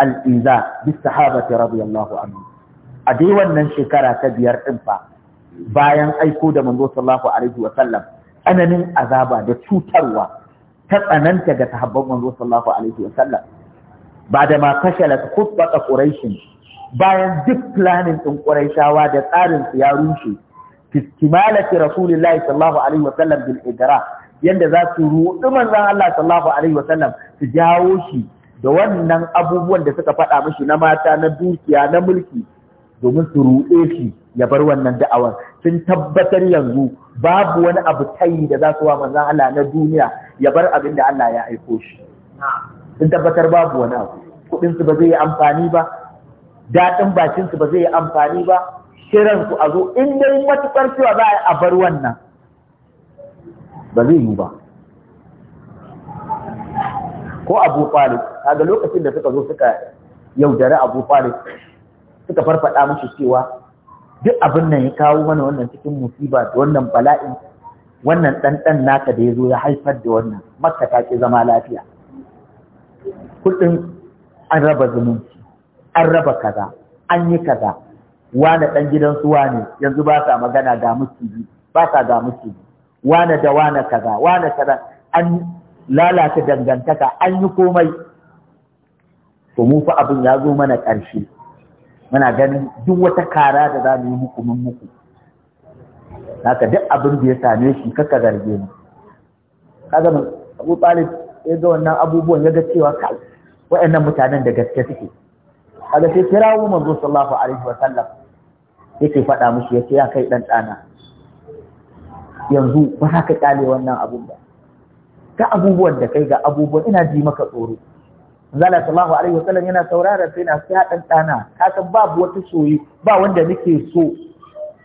al'iza iza bis sahabati radiyallahu anhu a dai wannan shekara ta biyar din fa bayan aiko da manzo sallallahu alaihi wa sallam tsananin azaba da cutarwa ta tsananta ga sahabban manzo sallallahu alaihi wa sallam ba da ma kashalat khutbata quraish bayan duk planning din quraishawa da tsarin su ya rushe istimalati rasulillahi sallallahu alaihi wa sallam bil idra yanda za su ruɗi zan Allah sallallahu alaihi wasallam su jawo shi da wannan abubuwan da suka faɗa mishi na mata na dukiya na mulki domin su ruɗe shi ya bar wannan da'awar sun tabbatar yanzu babu wani abu tayi da za su wa manzon Allah na duniya ya bar abin da Allah ya aiko shi sun tabbatar babu wani abu kuɗin su ba zai yi amfani ba daɗin bakin su ba zai yi amfani ba shirin su a zo in dai matuƙar cewa za a bar wannan ba zai yi ba ko abu Falik. kaga lokacin da suka zo suka yaudari abu Falik, suka farfada mashi cewa duk abin nan ya kawo mana wannan cikin musiba da wannan bala'in wannan ɗanɗan naka da ya zo ya haifar da wannan makka ta ƙi zama lafiya kuɗin an raba zumunci an raba kaza an yi kaza wane ɗan gidansu ne yanzu ba sa magana ga musu ba sa ga musu wane da wane kaza wane kaza an lalata dangantaka an yi komai to mu fa abin ya zo mana ƙarshe muna ganin duk wata kara da za mu yi muku mun muku haka duk abin da ya same shi kaka zarge mu kaga mu Abu Talib ya ga wannan abubuwan ya ga cewa kai wayannan mutanen da gaske suke kaga sai kirawo manzo sallallahu alaihi wa sallam yake faɗa mushi yace ya kai dan dana yanzu ba haka kyale wannan abun ba ta abubuwan da kai ga abubuwan ina ji maka tsoro zala sallahu alaihi wasallam yana saurara sai na sai ɗanɗana. dana san babu wata soyayya ba wanda nake so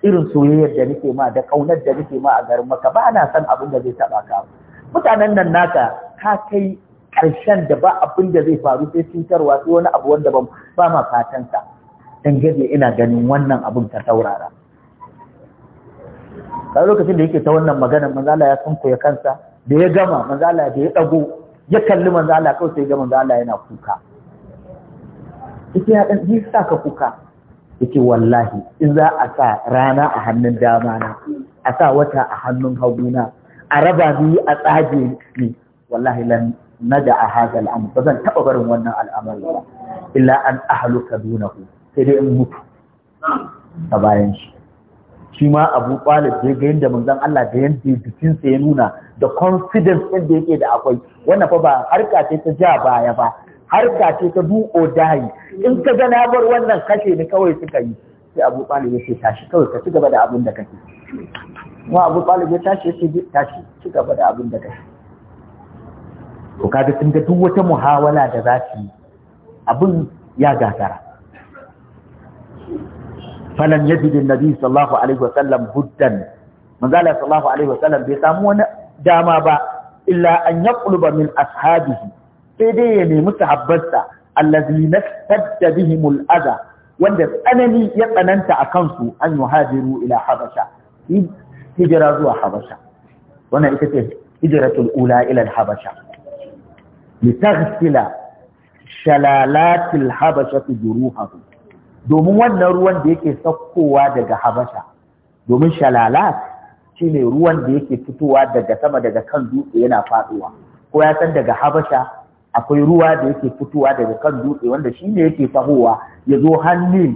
irin soyayyar da nake ma da kaunar da nake ma a garin maka ba na san abin da zai taba ka mutanen nan naka ka kai karshen da ba abin da zai faru sai cutarwa sai wani abu wanda ba ma fatan sa dan gaje ina ganin wannan abun ka saurara kai lokacin da yake ta wannan magana manzo Allah ya sunkuya kansa da ya gama manzo Allah da ya dago ya kalli manzo Allah kawai sai ga manzo Allah yana kuka yake ya dan yi saka kuka yake wallahi in za a sa rana a hannun dama na a sa wata a hannun hagu na a raba ni a tsaje ni wallahi lan nada a hada al'amur ba zan taɓa barin wannan al'amari ba illa an ahaluka dunahu sai dai in mutu a bayan shi shi ma Abu ɓalib da ga yanda manzon Allah da yanda yi sa ya nuna da confidence ɗin da yake da akwai wannan fa ba harka ce ta ja baya ba harka ce ta du dahi in ka ga na bar wannan kashe ne kawai suka yi sai Abu ɓalib ya ce tashi kawai ka ci gaba da abin da kake kuma Abu ɓalib ya tashi ya ce tashi ci gaba da abin da kake to kaga sun ga duk wata muhawala da za su yi abin ya gagara فلم يجد النبي صلى الله عليه وسلم بدا من قال صلى الله عليه وسلم بيسامون داما با إلا أن يطلب من أصحابه فديني متحبستا الذين استجد بهم الأذى واندف أنني يقننت أكنس أن يهاجروا إلى حبشة هجرة ذو حبشة وانا إكتب هجرة الأولى إلى الحبشة لتغسل شلالات الحبشة جروحهم domin wannan ruwan da yake saukowa daga habasha domin shalalat shine ruwan da yake fitowa daga sama daga kan dutse yana faduwa ko ya san daga habasha akwai ruwa da yake fitowa daga kan dutse wanda shi ne yake tahowa ya zo hannun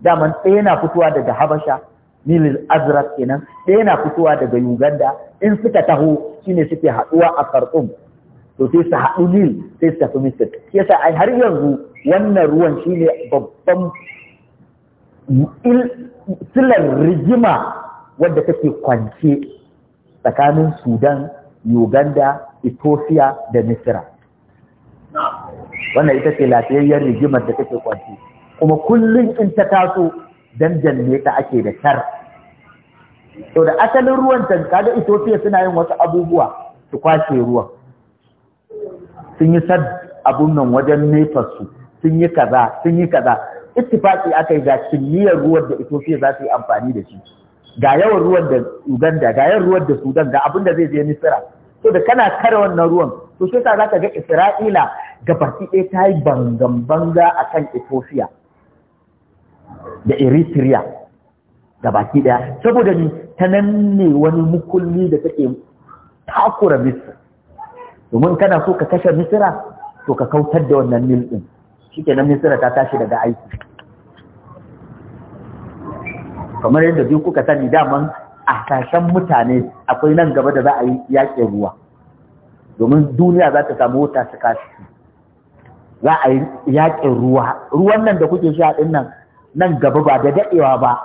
daman ɗaya yana fitowa daga habasha nil azraq kenan ɗaya yana fitowa daga uganda in suka taho shi ne suke haɗuwa a karɗum to sai su haɗu nil sai su tafi misir shi yasa ai har yanzu wannan ruwan shi ne babban silar rigima wadda take kwance tsakanin sudan uganda ethiopia da misira wannan ita ce lafiyayyar rigimar da take kwance kuma kullum in ta taso danjan ne ta ake da tar. to da asalin ruwan can kaga ethiopia suna yin wasu abubuwa su kwashe ruwan sun yi sad abun nan wajen nefasu sun yi kaza sun yi kaza ittifaki aka yi ga kimiyyar ruwan da Ethiopia za su yi amfani da shi ga yawan ruwan da Uganda ga yawan ruwan da Sudan ga abin da zai je Misira to da kana kare wannan ruwan to sai ka zaka ga Isra'ila gabaki ɗaya ta yi bangan banga akan Ethiopia da Eritrea gabaki ɗaya saboda ni ta nan ne wani mukulli da take takura Misir domin kana so ka kashe Misira to ka kautar da wannan nil din nan misira ta tashi daga aiki kamar yadda duk kuka sani daman a kashen mutane akwai nan gaba da za a yi yaƙin ruwa domin duniya za ta samu wuta su kashi za a yi yaƙin ruwa ruwan nan da kuke sha ɗin nan nan gaba ba da daɗewa ba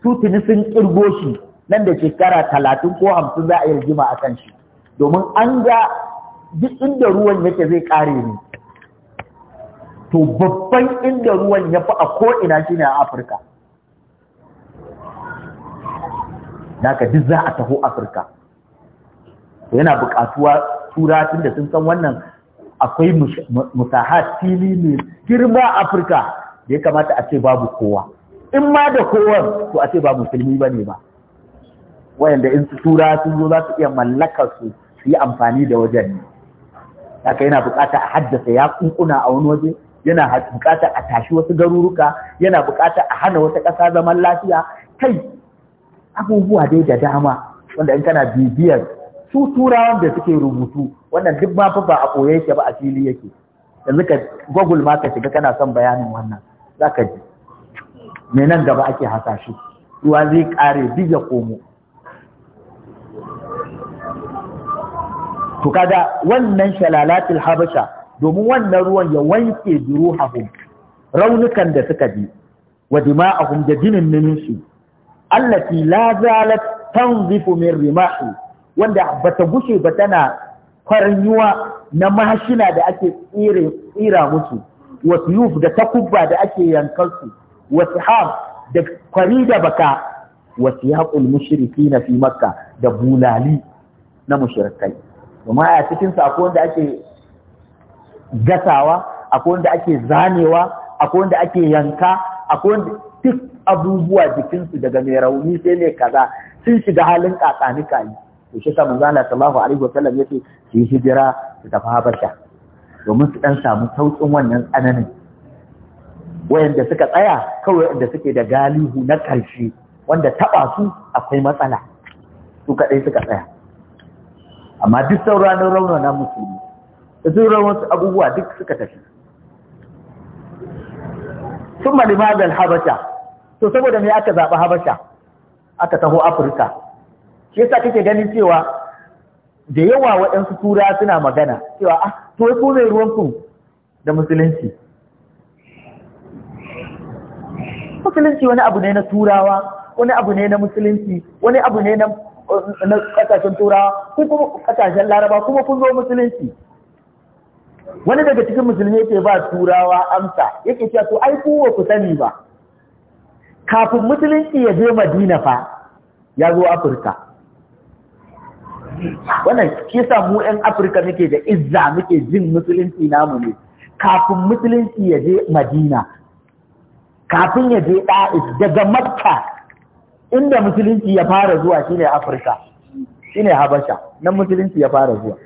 Tutuni sun ƙirgo shi nan da shekara talatin ko hamsin za a yi rigima a kan shi domin an ga duk inda ruwan yake zai ƙare ne to babban inda ruwan ya fi a ko'ina shi ne a afirka naka duk za a taho afirka yana buƙatuwa tun da sun san wannan akwai musahat fili mai girma afirka da ya kamata a ce babu kowa in ma da kowan to a ce ba musulmi ba ne ba wayanda in su tura sun zo za su iya mallaka su su yi amfani da wajen ne haka yana buƙata a haddasa ya kunkuna a wani waje yana buƙatar a tashi wasu garuruka yana buƙatar a hana wata ƙasa zaman lafiya kai abubuwa dai da dama wanda in kana bibiyar su turawan da suke rubutu wannan duk ma ba a koye shi ba a fili yake yanzu ka google ma ka shiga kana son bayanin wannan Za ka ji me nan gaba ake hasashe ruwa zai ƙare duk ya komo to kaga wannan shalalatul habasha domin wannan ruwan ya wanke juruhahum raunukan da suka ji wa dima'ahum da jinin nininsu allati la zalat tanzifu min rimahi wanda bata gushe ba tana kwarnyuwa na mashina da ake tsira musu wa suyuf da takubba da ake yankan su wa sihab da kwari da baka wa siyaqul mushrikina fi makka da bulali na mushrikai kuma a cikin sa akwai ake gasawa akwai wanda ake zanewa akwai wanda ake yanka akwai wanda duk abubuwa jikinsu daga mai rauni sai mai kaza sun shiga halin kakanika ne to shi sa manzo Allah sallallahu alaihi wasallam yace su yi hijira su tafi Habasha domin su dan samu saukin wannan tsananin wayanda suka tsaya kawai wanda suke da galihu na karshe wanda taba su akwai matsala su kadai suka tsaya amma duk sauran raunana musulmi da sauran wasu abubuwa duk suka tafi sun malimazal habasha to saboda me aka zaɓi habasha aka taho afirka shi sa kake ganin cewa da yawa waɗansu tura suna magana cewa a ah, to ku ne ruwanku da musulunci musulunci wani abu ne na turawa wani abu ne na musulunci wani abu ne na ƙasashen turawa ko kuma ƙasashen laraba kuma kun zo musulunci wani daga cikin musulmi yake ba turawa amsa yake cewa to ai ku ku sani ba kafin musulunci ya je madina fa ya zo afirka wannan shi sa mu yan afirka muke da izza muke jin musulunci namu ne kafin musulunci ya je madina kafin ya je da'is daga makka inda musulunci ya fara zuwa shine afirka shine habasha nan musulunci ya fara zuwa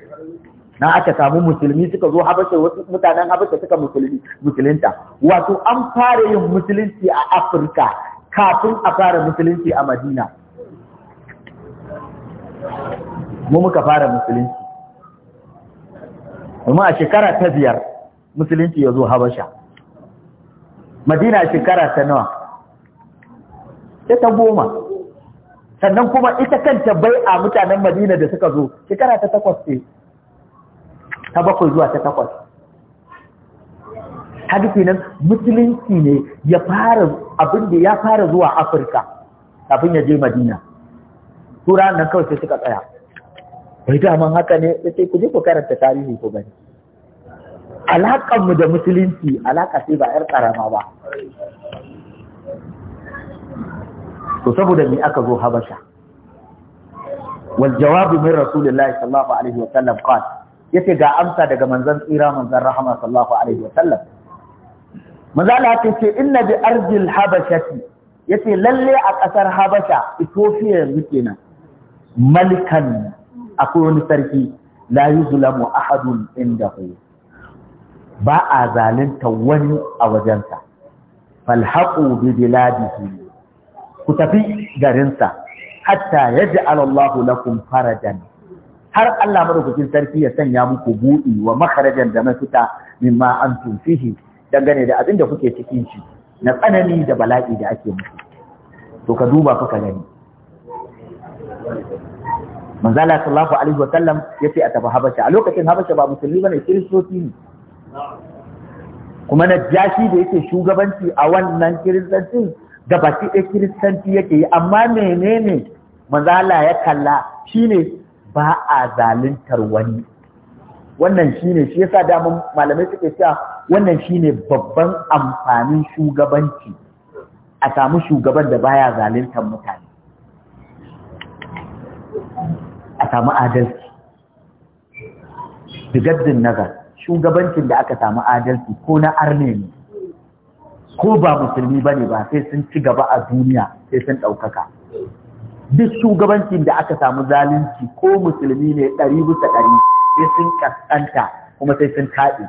na aka samu musulmi suka zo habasha wasu mutanen habasha suka musulmi musulunta wato an fara yin musulunci a afirka kafin a fara musulunci a madina mu muka fara musulunci amma a shekara ta biyar musulunci ya zo habasha madina shekara ta nawa ta ta goma sannan kuma ita kanta bai a mutanen madina da suka zo shekara ta takwas ce ta bakwai zuwa ta takwas hadisi nan musulunci ne ya fara abin da ya fara zuwa afirka kafin ya je madina tura nan kawai sai suka tsaya bai daman haka ne ya ce ku je ku karanta tarihi ku gani alaƙanmu da musulunci alaƙa sai ba 'yar ƙarama ba to saboda me aka zo habasha wal jawabi min rasulullahi sallallahu alaihi wa sallam qala yace ga amsa daga manzon tsira manzan rahama sallallahu alaihi wa sallam mazala ta ce inna bi ardil habashati yace lalle a ƙasar habasha Ethiopia yanzu kenan malikan akwai wani sarki la yuzlamu ahadun ku. ba a zalunta wani a wajensa falhaqu bi biladihi ku tafi garinsa hatta yaj'al Allahu lakum farajan har Allah madaukakin sarki ya sanya muku buɗi wa makarajan da mafita mimma antum fihi dangane da abin da kuke cikin shi na tsanani da bala'i da ake muku to ka duba fa ka gani manzala sallallahu alaihi wa sallam yace a tafi habasha a lokacin habasha ba musulmi bane kiristoci ne kuma jashi da yake shugabanci a wannan da gabaki ɗaya kristanci yake yi amma menene manzala ya kalla shine ba a zaluntar wani wannan shine shi yasa daman malamai suke cewa wannan shine babban amfanin shugabanci a samu shugaban da baya zaluntar mutane a samu adalci digaddin nazar shugabancin da aka samu adalci ko na arne ne ko ba musulmi bane ba sai sun ci gaba a duniya sai sun ɗaukaka duk shugabancin da aka samu zalunci ko musulmi ne ɗari bisa ɗari sai sun kaskanta kuma sai sun taɗi.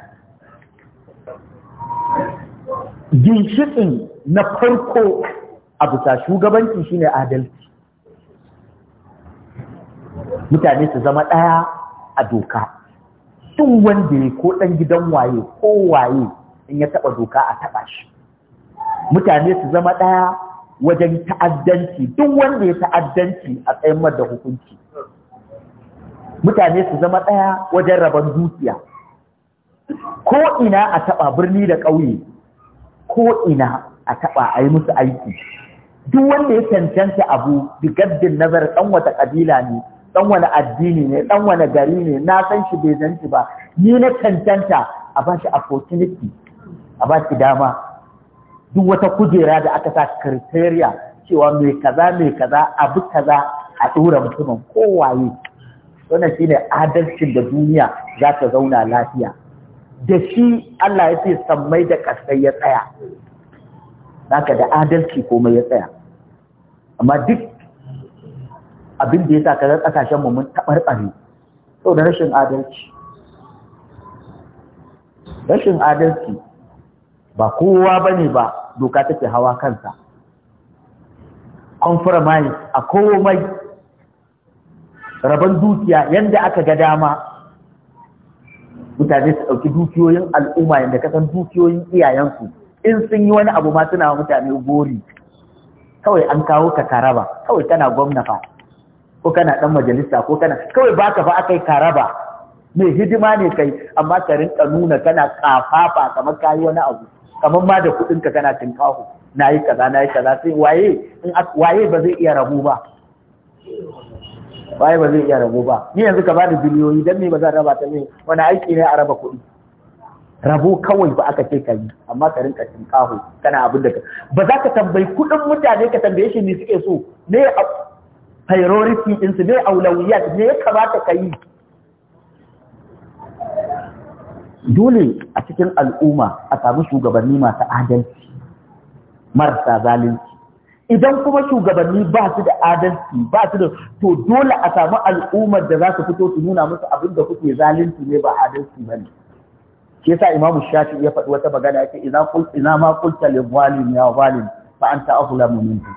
Ginshiɗin na farko a bisa shugabanci shine adalci. Mutane su zama ɗaya a doka. sun wanda ne ko ɗan gidan waye ko waye in ya taɓa doka a taɓa shi. Mutane su zama ɗaya wajen ta'addanci duk wanda ya ta'addanci a tsayin da hukunci mutane su zama ɗaya wajen rabon dukiya ko ina a taɓa birni da ƙauye ko ina a taɓa a musu aiki duk wanda ya cancanta abu bigaddin nazar ɗan wata ƙabila ne ɗan wani addini ne ɗan wani gari ne na san shi bai zanci ba ni na cancanta a ba shi opportunity a ba shi dama duk wata kujera da aka sa criteria cewa mai kaza mai kaza abu kaza a tsura mutumin kowaye wannan shine adalcin da duniya za ta zauna lafiya da shi Allah ya ce sammai da ƙasai ya tsaya naka da adalci komai ya tsaya amma duk abin da ya sa kazar ƙasashen mu mun taɓarɓare sau da rashin adalci rashin adalci ba kowa bane ba doka take hawa kansa compromise a komai rabon dukiya yadda aka ga dama mutane su ɗauki dukiyoyin al'umma yadda kasan dukiyoyin iyayensu in sun yi wani abu ma suna mutane gori kawai an kawo ka karaba kawai kana gwamna fa ko kana ɗan majalisa ko kana kawai baka fa akai karaba mai hidima ne kai amma ka rinka nuna kana kafafa kamar kayi wani abu kamar ma da kuɗin ka kana kawo na yi kaza na yi kaza sai waye waye ba zai iya rabu ba waye ba zai iya rabu ba ni yanzu ka bada biliyoyi dan me ba zan raba ta ne wani aiki ne a raba kuɗi rabo kawai ba aka ce ka yi amma ka rinka kawo kana abin da ba za ka tambayi kuɗin mutane ka tambaye shi ne suke so ne priority su ne aulawiyat ne ya kamata ka yi dole a cikin al'umma a samu shugabanni masu adalci marasa zalunci idan kuma shugabanni ba su da adalci ba su da to dole a samu al'ummar da za su fito su nuna musu abin da kuke zalunci ne ba adalci ba ne Ke sa imamu shafi ya faɗi wata magana ya ina ina ma kulta le zalim ya zalim fa anta mu minhu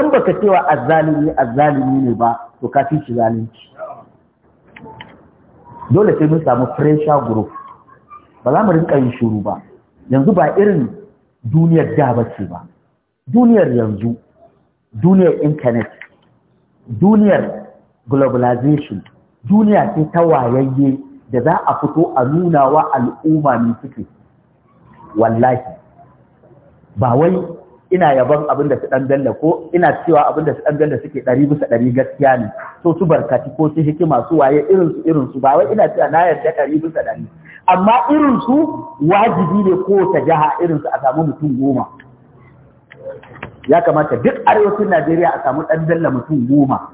in baka cewa azzalimi azzalimi ne ba to ka fi shi zalunci dole sai mun samu pressure group ba za mu rinka yin shiru ba yanzu ba irin duniyar da ba ce ba duniyar yanzu duniyar intanet duniyar globalization duniya ce ta wayayye da za a fito a nuna wa al'umma ne suke wallahi ba wai ina yabon abin da su dan galla ko ina cewa abin da su dan galla suke ɗari bisa ɗari gaskiya ne so su barkati ko su hikima su waye irin su irin su ba wai ina cewa na yarda ɗari bisa ɗari amma irin su wajibi ne ko ta jaha irin su a samu mutum goma ya kamata duk arewacin Najeriya a samu dan galla mutum goma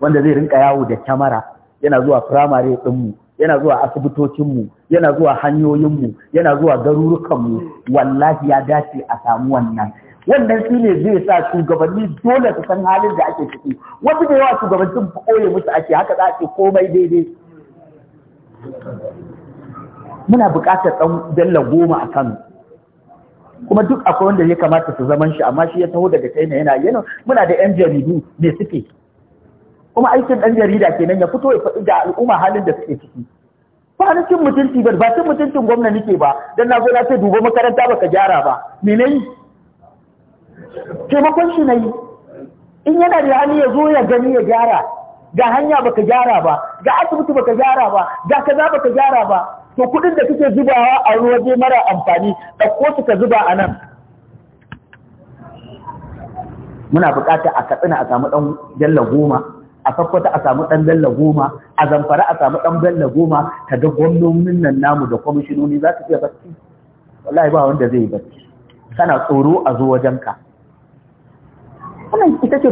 wanda zai rinka yawo da kyamara yana zuwa firamare ɗinmu yana zuwa asibitocinmu yana zuwa hanyoyinmu yana zuwa garurukanmu wallahi ya dace a samu wannan wannan shi ne zai sa shugabanni dole su san halin da ake ciki wasu da yawa shugabancin koye musu ake haka za a ce komai daidai muna buƙatar ɗan dalla goma a kano kuma duk akwai wanda ya kamata su zaman shi amma shi ya taho daga china yana yana muna da yan jaridu ne suke kuma aikin ɗan jarida kenan ya fito ya faɗi ga al'umma halin da suke ciki ba na cin mutunci ba ba cin mutuncin gwamna nake ba dan na zo na ce dubo makaranta baka gyara ba me nayi taimakon shi nayi in yana da hali ya zo ya gani ya gyara ga hanya baka gyara ba ga asibiti baka gyara ba ga kaza baka gyara ba to kuɗin da kake zubawa a waje mara amfani ɗauko su ka zuba a nan muna buƙatar a katsina a samu ɗan jalla goma a sakwata a samu ɗan dalla goma a zamfara a samu ɗan dalla goma ta ga gwamnonin nan namu da kwamishinoni za su iya barci wallahi ba wanda zai barci kana tsoro a zo wajenka wannan ita ce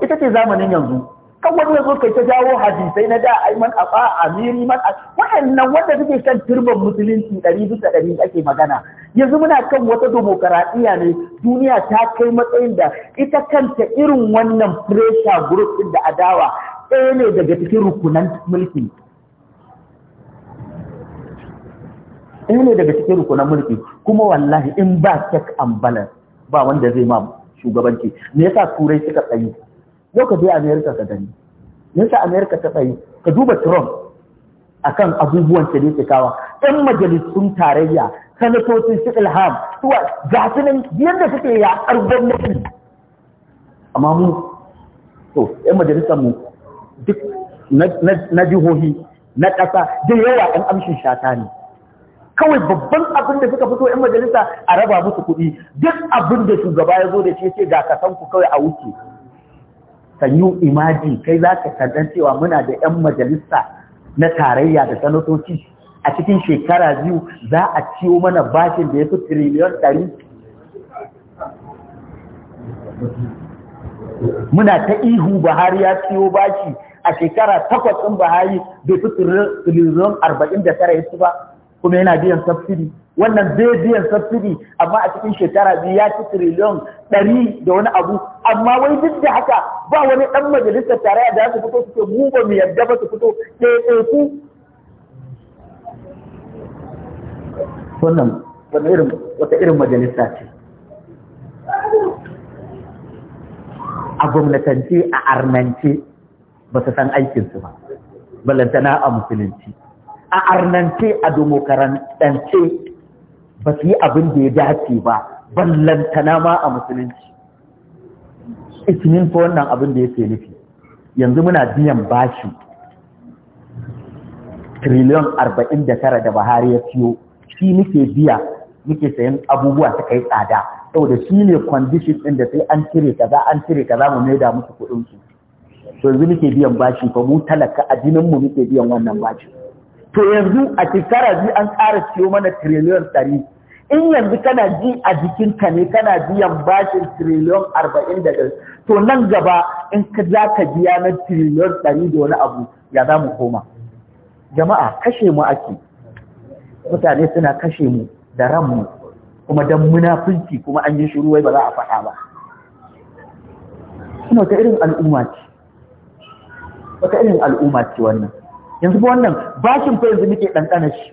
ita ce zamanin yanzu kan wani ya zo kai ta jawo hadisai na da ai man afa amiri man waɗannan wanda suke kan turban musulunci ɗari bisa ɗari ake magana yanzu muna kan wata demokaradiyya ne duniya ta kai matsayin da ita kanta irin wannan pressure group ɗin da adawa ɗaya ne daga cikin rukunan mulki ɗaya ne daga cikin rukunan mulki kuma wallahi in ba check and balance ba wanda zai ma shugabanci me yasa turai suka tsayi yau ka je america ka gani yasa Amerika ta tsaye ka duba trump akan abubuwan da Yan kawa ɗan majalisun tarayya sanatocin su ilham suwa ga su nan yadda suke yaƙar gwamnati amma mu to ɗan majalisar duk na jihohi na ƙasa da yawa ɗan amshin shata ne kawai babban abin da suka fito ‘yan majalisa a raba musu kuɗi duk abin da shugaba ya zo da shi ce ga kasanku kawai a wuce can Imadi kai za ka cewa muna da 'yan majalisa na tarayya da sanatoci a cikin shekara biyu za a ciwo mana bashin da ya fi tiriliyon ɗari muna ta ihu buhari ya ciwo bashi a shekara takwas ɗin buhari bai fi tiriliyon arba'in da tara ya ci ba kuma yana biyan subsidy wannan zai biyan subsidy amma a cikin shekara biyu ya ci triliyon ɗari da wani abu amma wai duk da haka ba wani ɗan majalisar tarayya da su fito suke mu ba mu yarda ba su fito ɗaiɗaiku eh, eh, wannan wata irin majalisa ce a gwamnatance a armance ba su san aikinsu ba balantana a musulunci a arnance a domokarantance ba su yi abin da ya dace ba ballantana ma a musulunci isnin fa wannan abin da ya yake nufi yanzu muna biyan bashi triliyon arba'in da tara da Buhari ya ciyo shi nike biya muke sayan abubuwa ta kai tsada saboda shi ne condition ɗin da sai an cire kaza an cire kaza mu maida musu kuɗinsu su to muke biyan bashi fa mu talaka a mu muke biyan wannan bashi to yanzu a shekara ji an ƙara siyo mana tiriliyon ɗari in yanzu kana ji a jikin ka ne kana biyan bashin tiriliyon arba'in da ɗari to nan gaba in ka za ka biya na tiriliyon ɗari da wani abu ya za mu koma jama'a kashe mu ake mutane suna kashe mu da ranmu kuma don munafunci kuma an yi shiru wai ba za a faɗa ba kuma ta irin al'umma ce wata irin al'umma ce wannan yanzu ba wannan bashin fa yanzu muke ɗanɗanar shi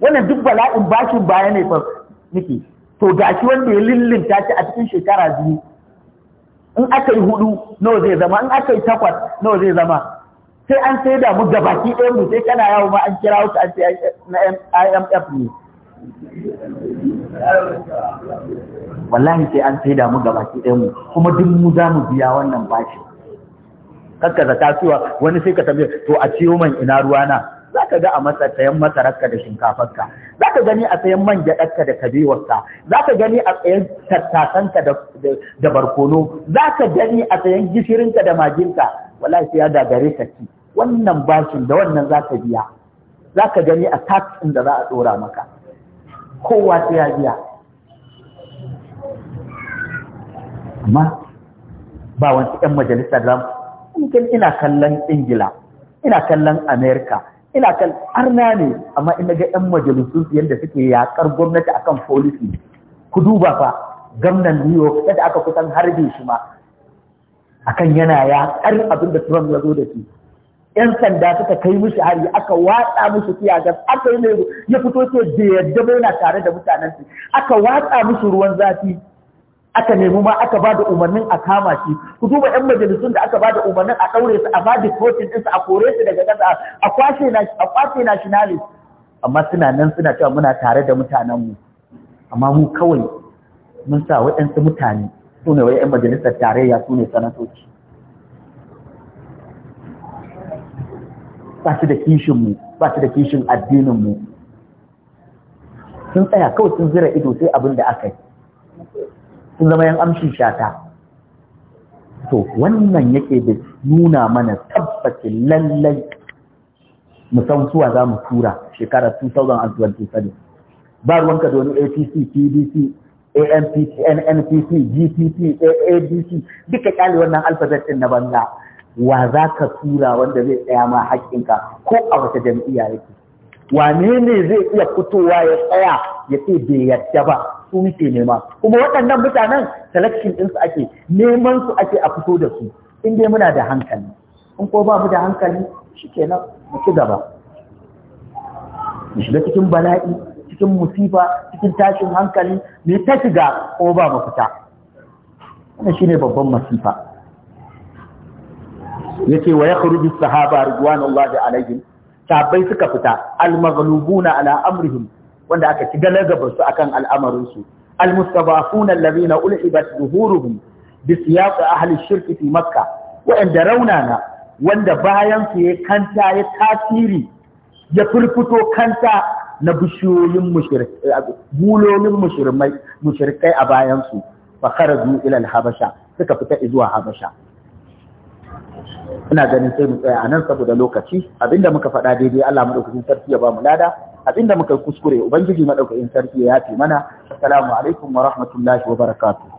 wannan duk bala'in bashin baya ne fa muke to gashi wanda ya lillinta shi a cikin shekara biyu in aka yi hudu nawa zai zama in aka yi takwas nawa zai zama sai an sai da mu gabaki ɗaya mu sai kana yawo ma an kira wuta an sai na IMF ne wallahi sai an sai da mu gabaki ɗaya mu kuma duk mu za mu biya wannan bashin. Ka zata suwa wani sai ka tambaye to a ciyo man ina ruwa na ka ga a masa sayan masararka da shinkafarka za ka gani a sayan man gyaɗarka da kabewarka za ka gani a sayan tattasanka da barkono za gani a sayan gishirinka da maginka wallahi sai ya dagare ka ci wannan bashin da wannan za ka biya za gani a tax ɗin da za a dora maka kowa sai ya biya amma ba wani 'yan majalisa cikin ina kallon ingila ina kallon amerika ina kallon arna ne amma ina ga yan majalisun yadda suke yakar gwamnati akan policy ku duba fa gwamnan new york yadda aka kusan harbe shi ma akan yana yakar abin da trump ya zo da shi yan sanda suka kai mushi hari aka watsa mishi tiyagas aka yi ya fito ce da yadda bai na tare da mutanen aka watsa musu ruwan zafi aka nemi ma aka ba da umarnin a kama shi ku duba yan majalisun da aka ba da umarnin a ɗaure su a ba da protein ɗinsu a kore su daga ƙasa a kwashe na a kwashe nationalist amma suna nan suna cewa muna tare da mutanenmu amma mu kawai mun sa waɗansu mutane su ne wai yan majalisar tarayya su ne sanatoci ba su da kishinmu ba su da kishin addininmu sun tsaya kawai sun zira ido sai abin da aka yi sun zama yan amshi shata to wannan yake da nuna mana tabbacin lallai mu za mu tura shekarar 2027 ba ruwanka da wani apc pdc ampc NNPC, GPP, AADC duka kyale wannan alfabet ɗin na banza wa za ka tura wanda zai tsaya ma haƙƙinka ko a wata jam'iyya yake. Wane ne zai iya fitowa ya tsaya ya ce bai yadda ba su muke nema kuma waɗannan mutanen selection ɗinsu ake neman su ake a fito da su in dai muna da hankali in ko ba mu da hankali shi nan mu ci gaba mu shiga cikin bala'i cikin musifa cikin tashin hankali mu ta shiga ko ba mu fita wannan shine babban masifa yace wa yakhruju sahaba ridwanullahi alaihim tabbai suka fita al-maghlubuna ala amrihim wanda aka ci galagabarsu a kan al’amarinsu. Al-Mustabafunan lamina ul’ibar zuhuruhun da siyasa a halin shirki fi makka, rauna raunana wanda bayan su ya kanta ya tasiri ya firfito kanta na bulonin mulolin mushirkai a bayansu, fa kara Habasha suka fita zuwa Habasha. Ina ganin sai mu tsaya anan saboda lokaci abinda muka faɗa daidai Allah mu lokacin ya ba mu lada. abinda muka kuskure ubangiji madaukakin sarki ya yafe mana assalamu alaikum wa rahmatullahi wa barakatuh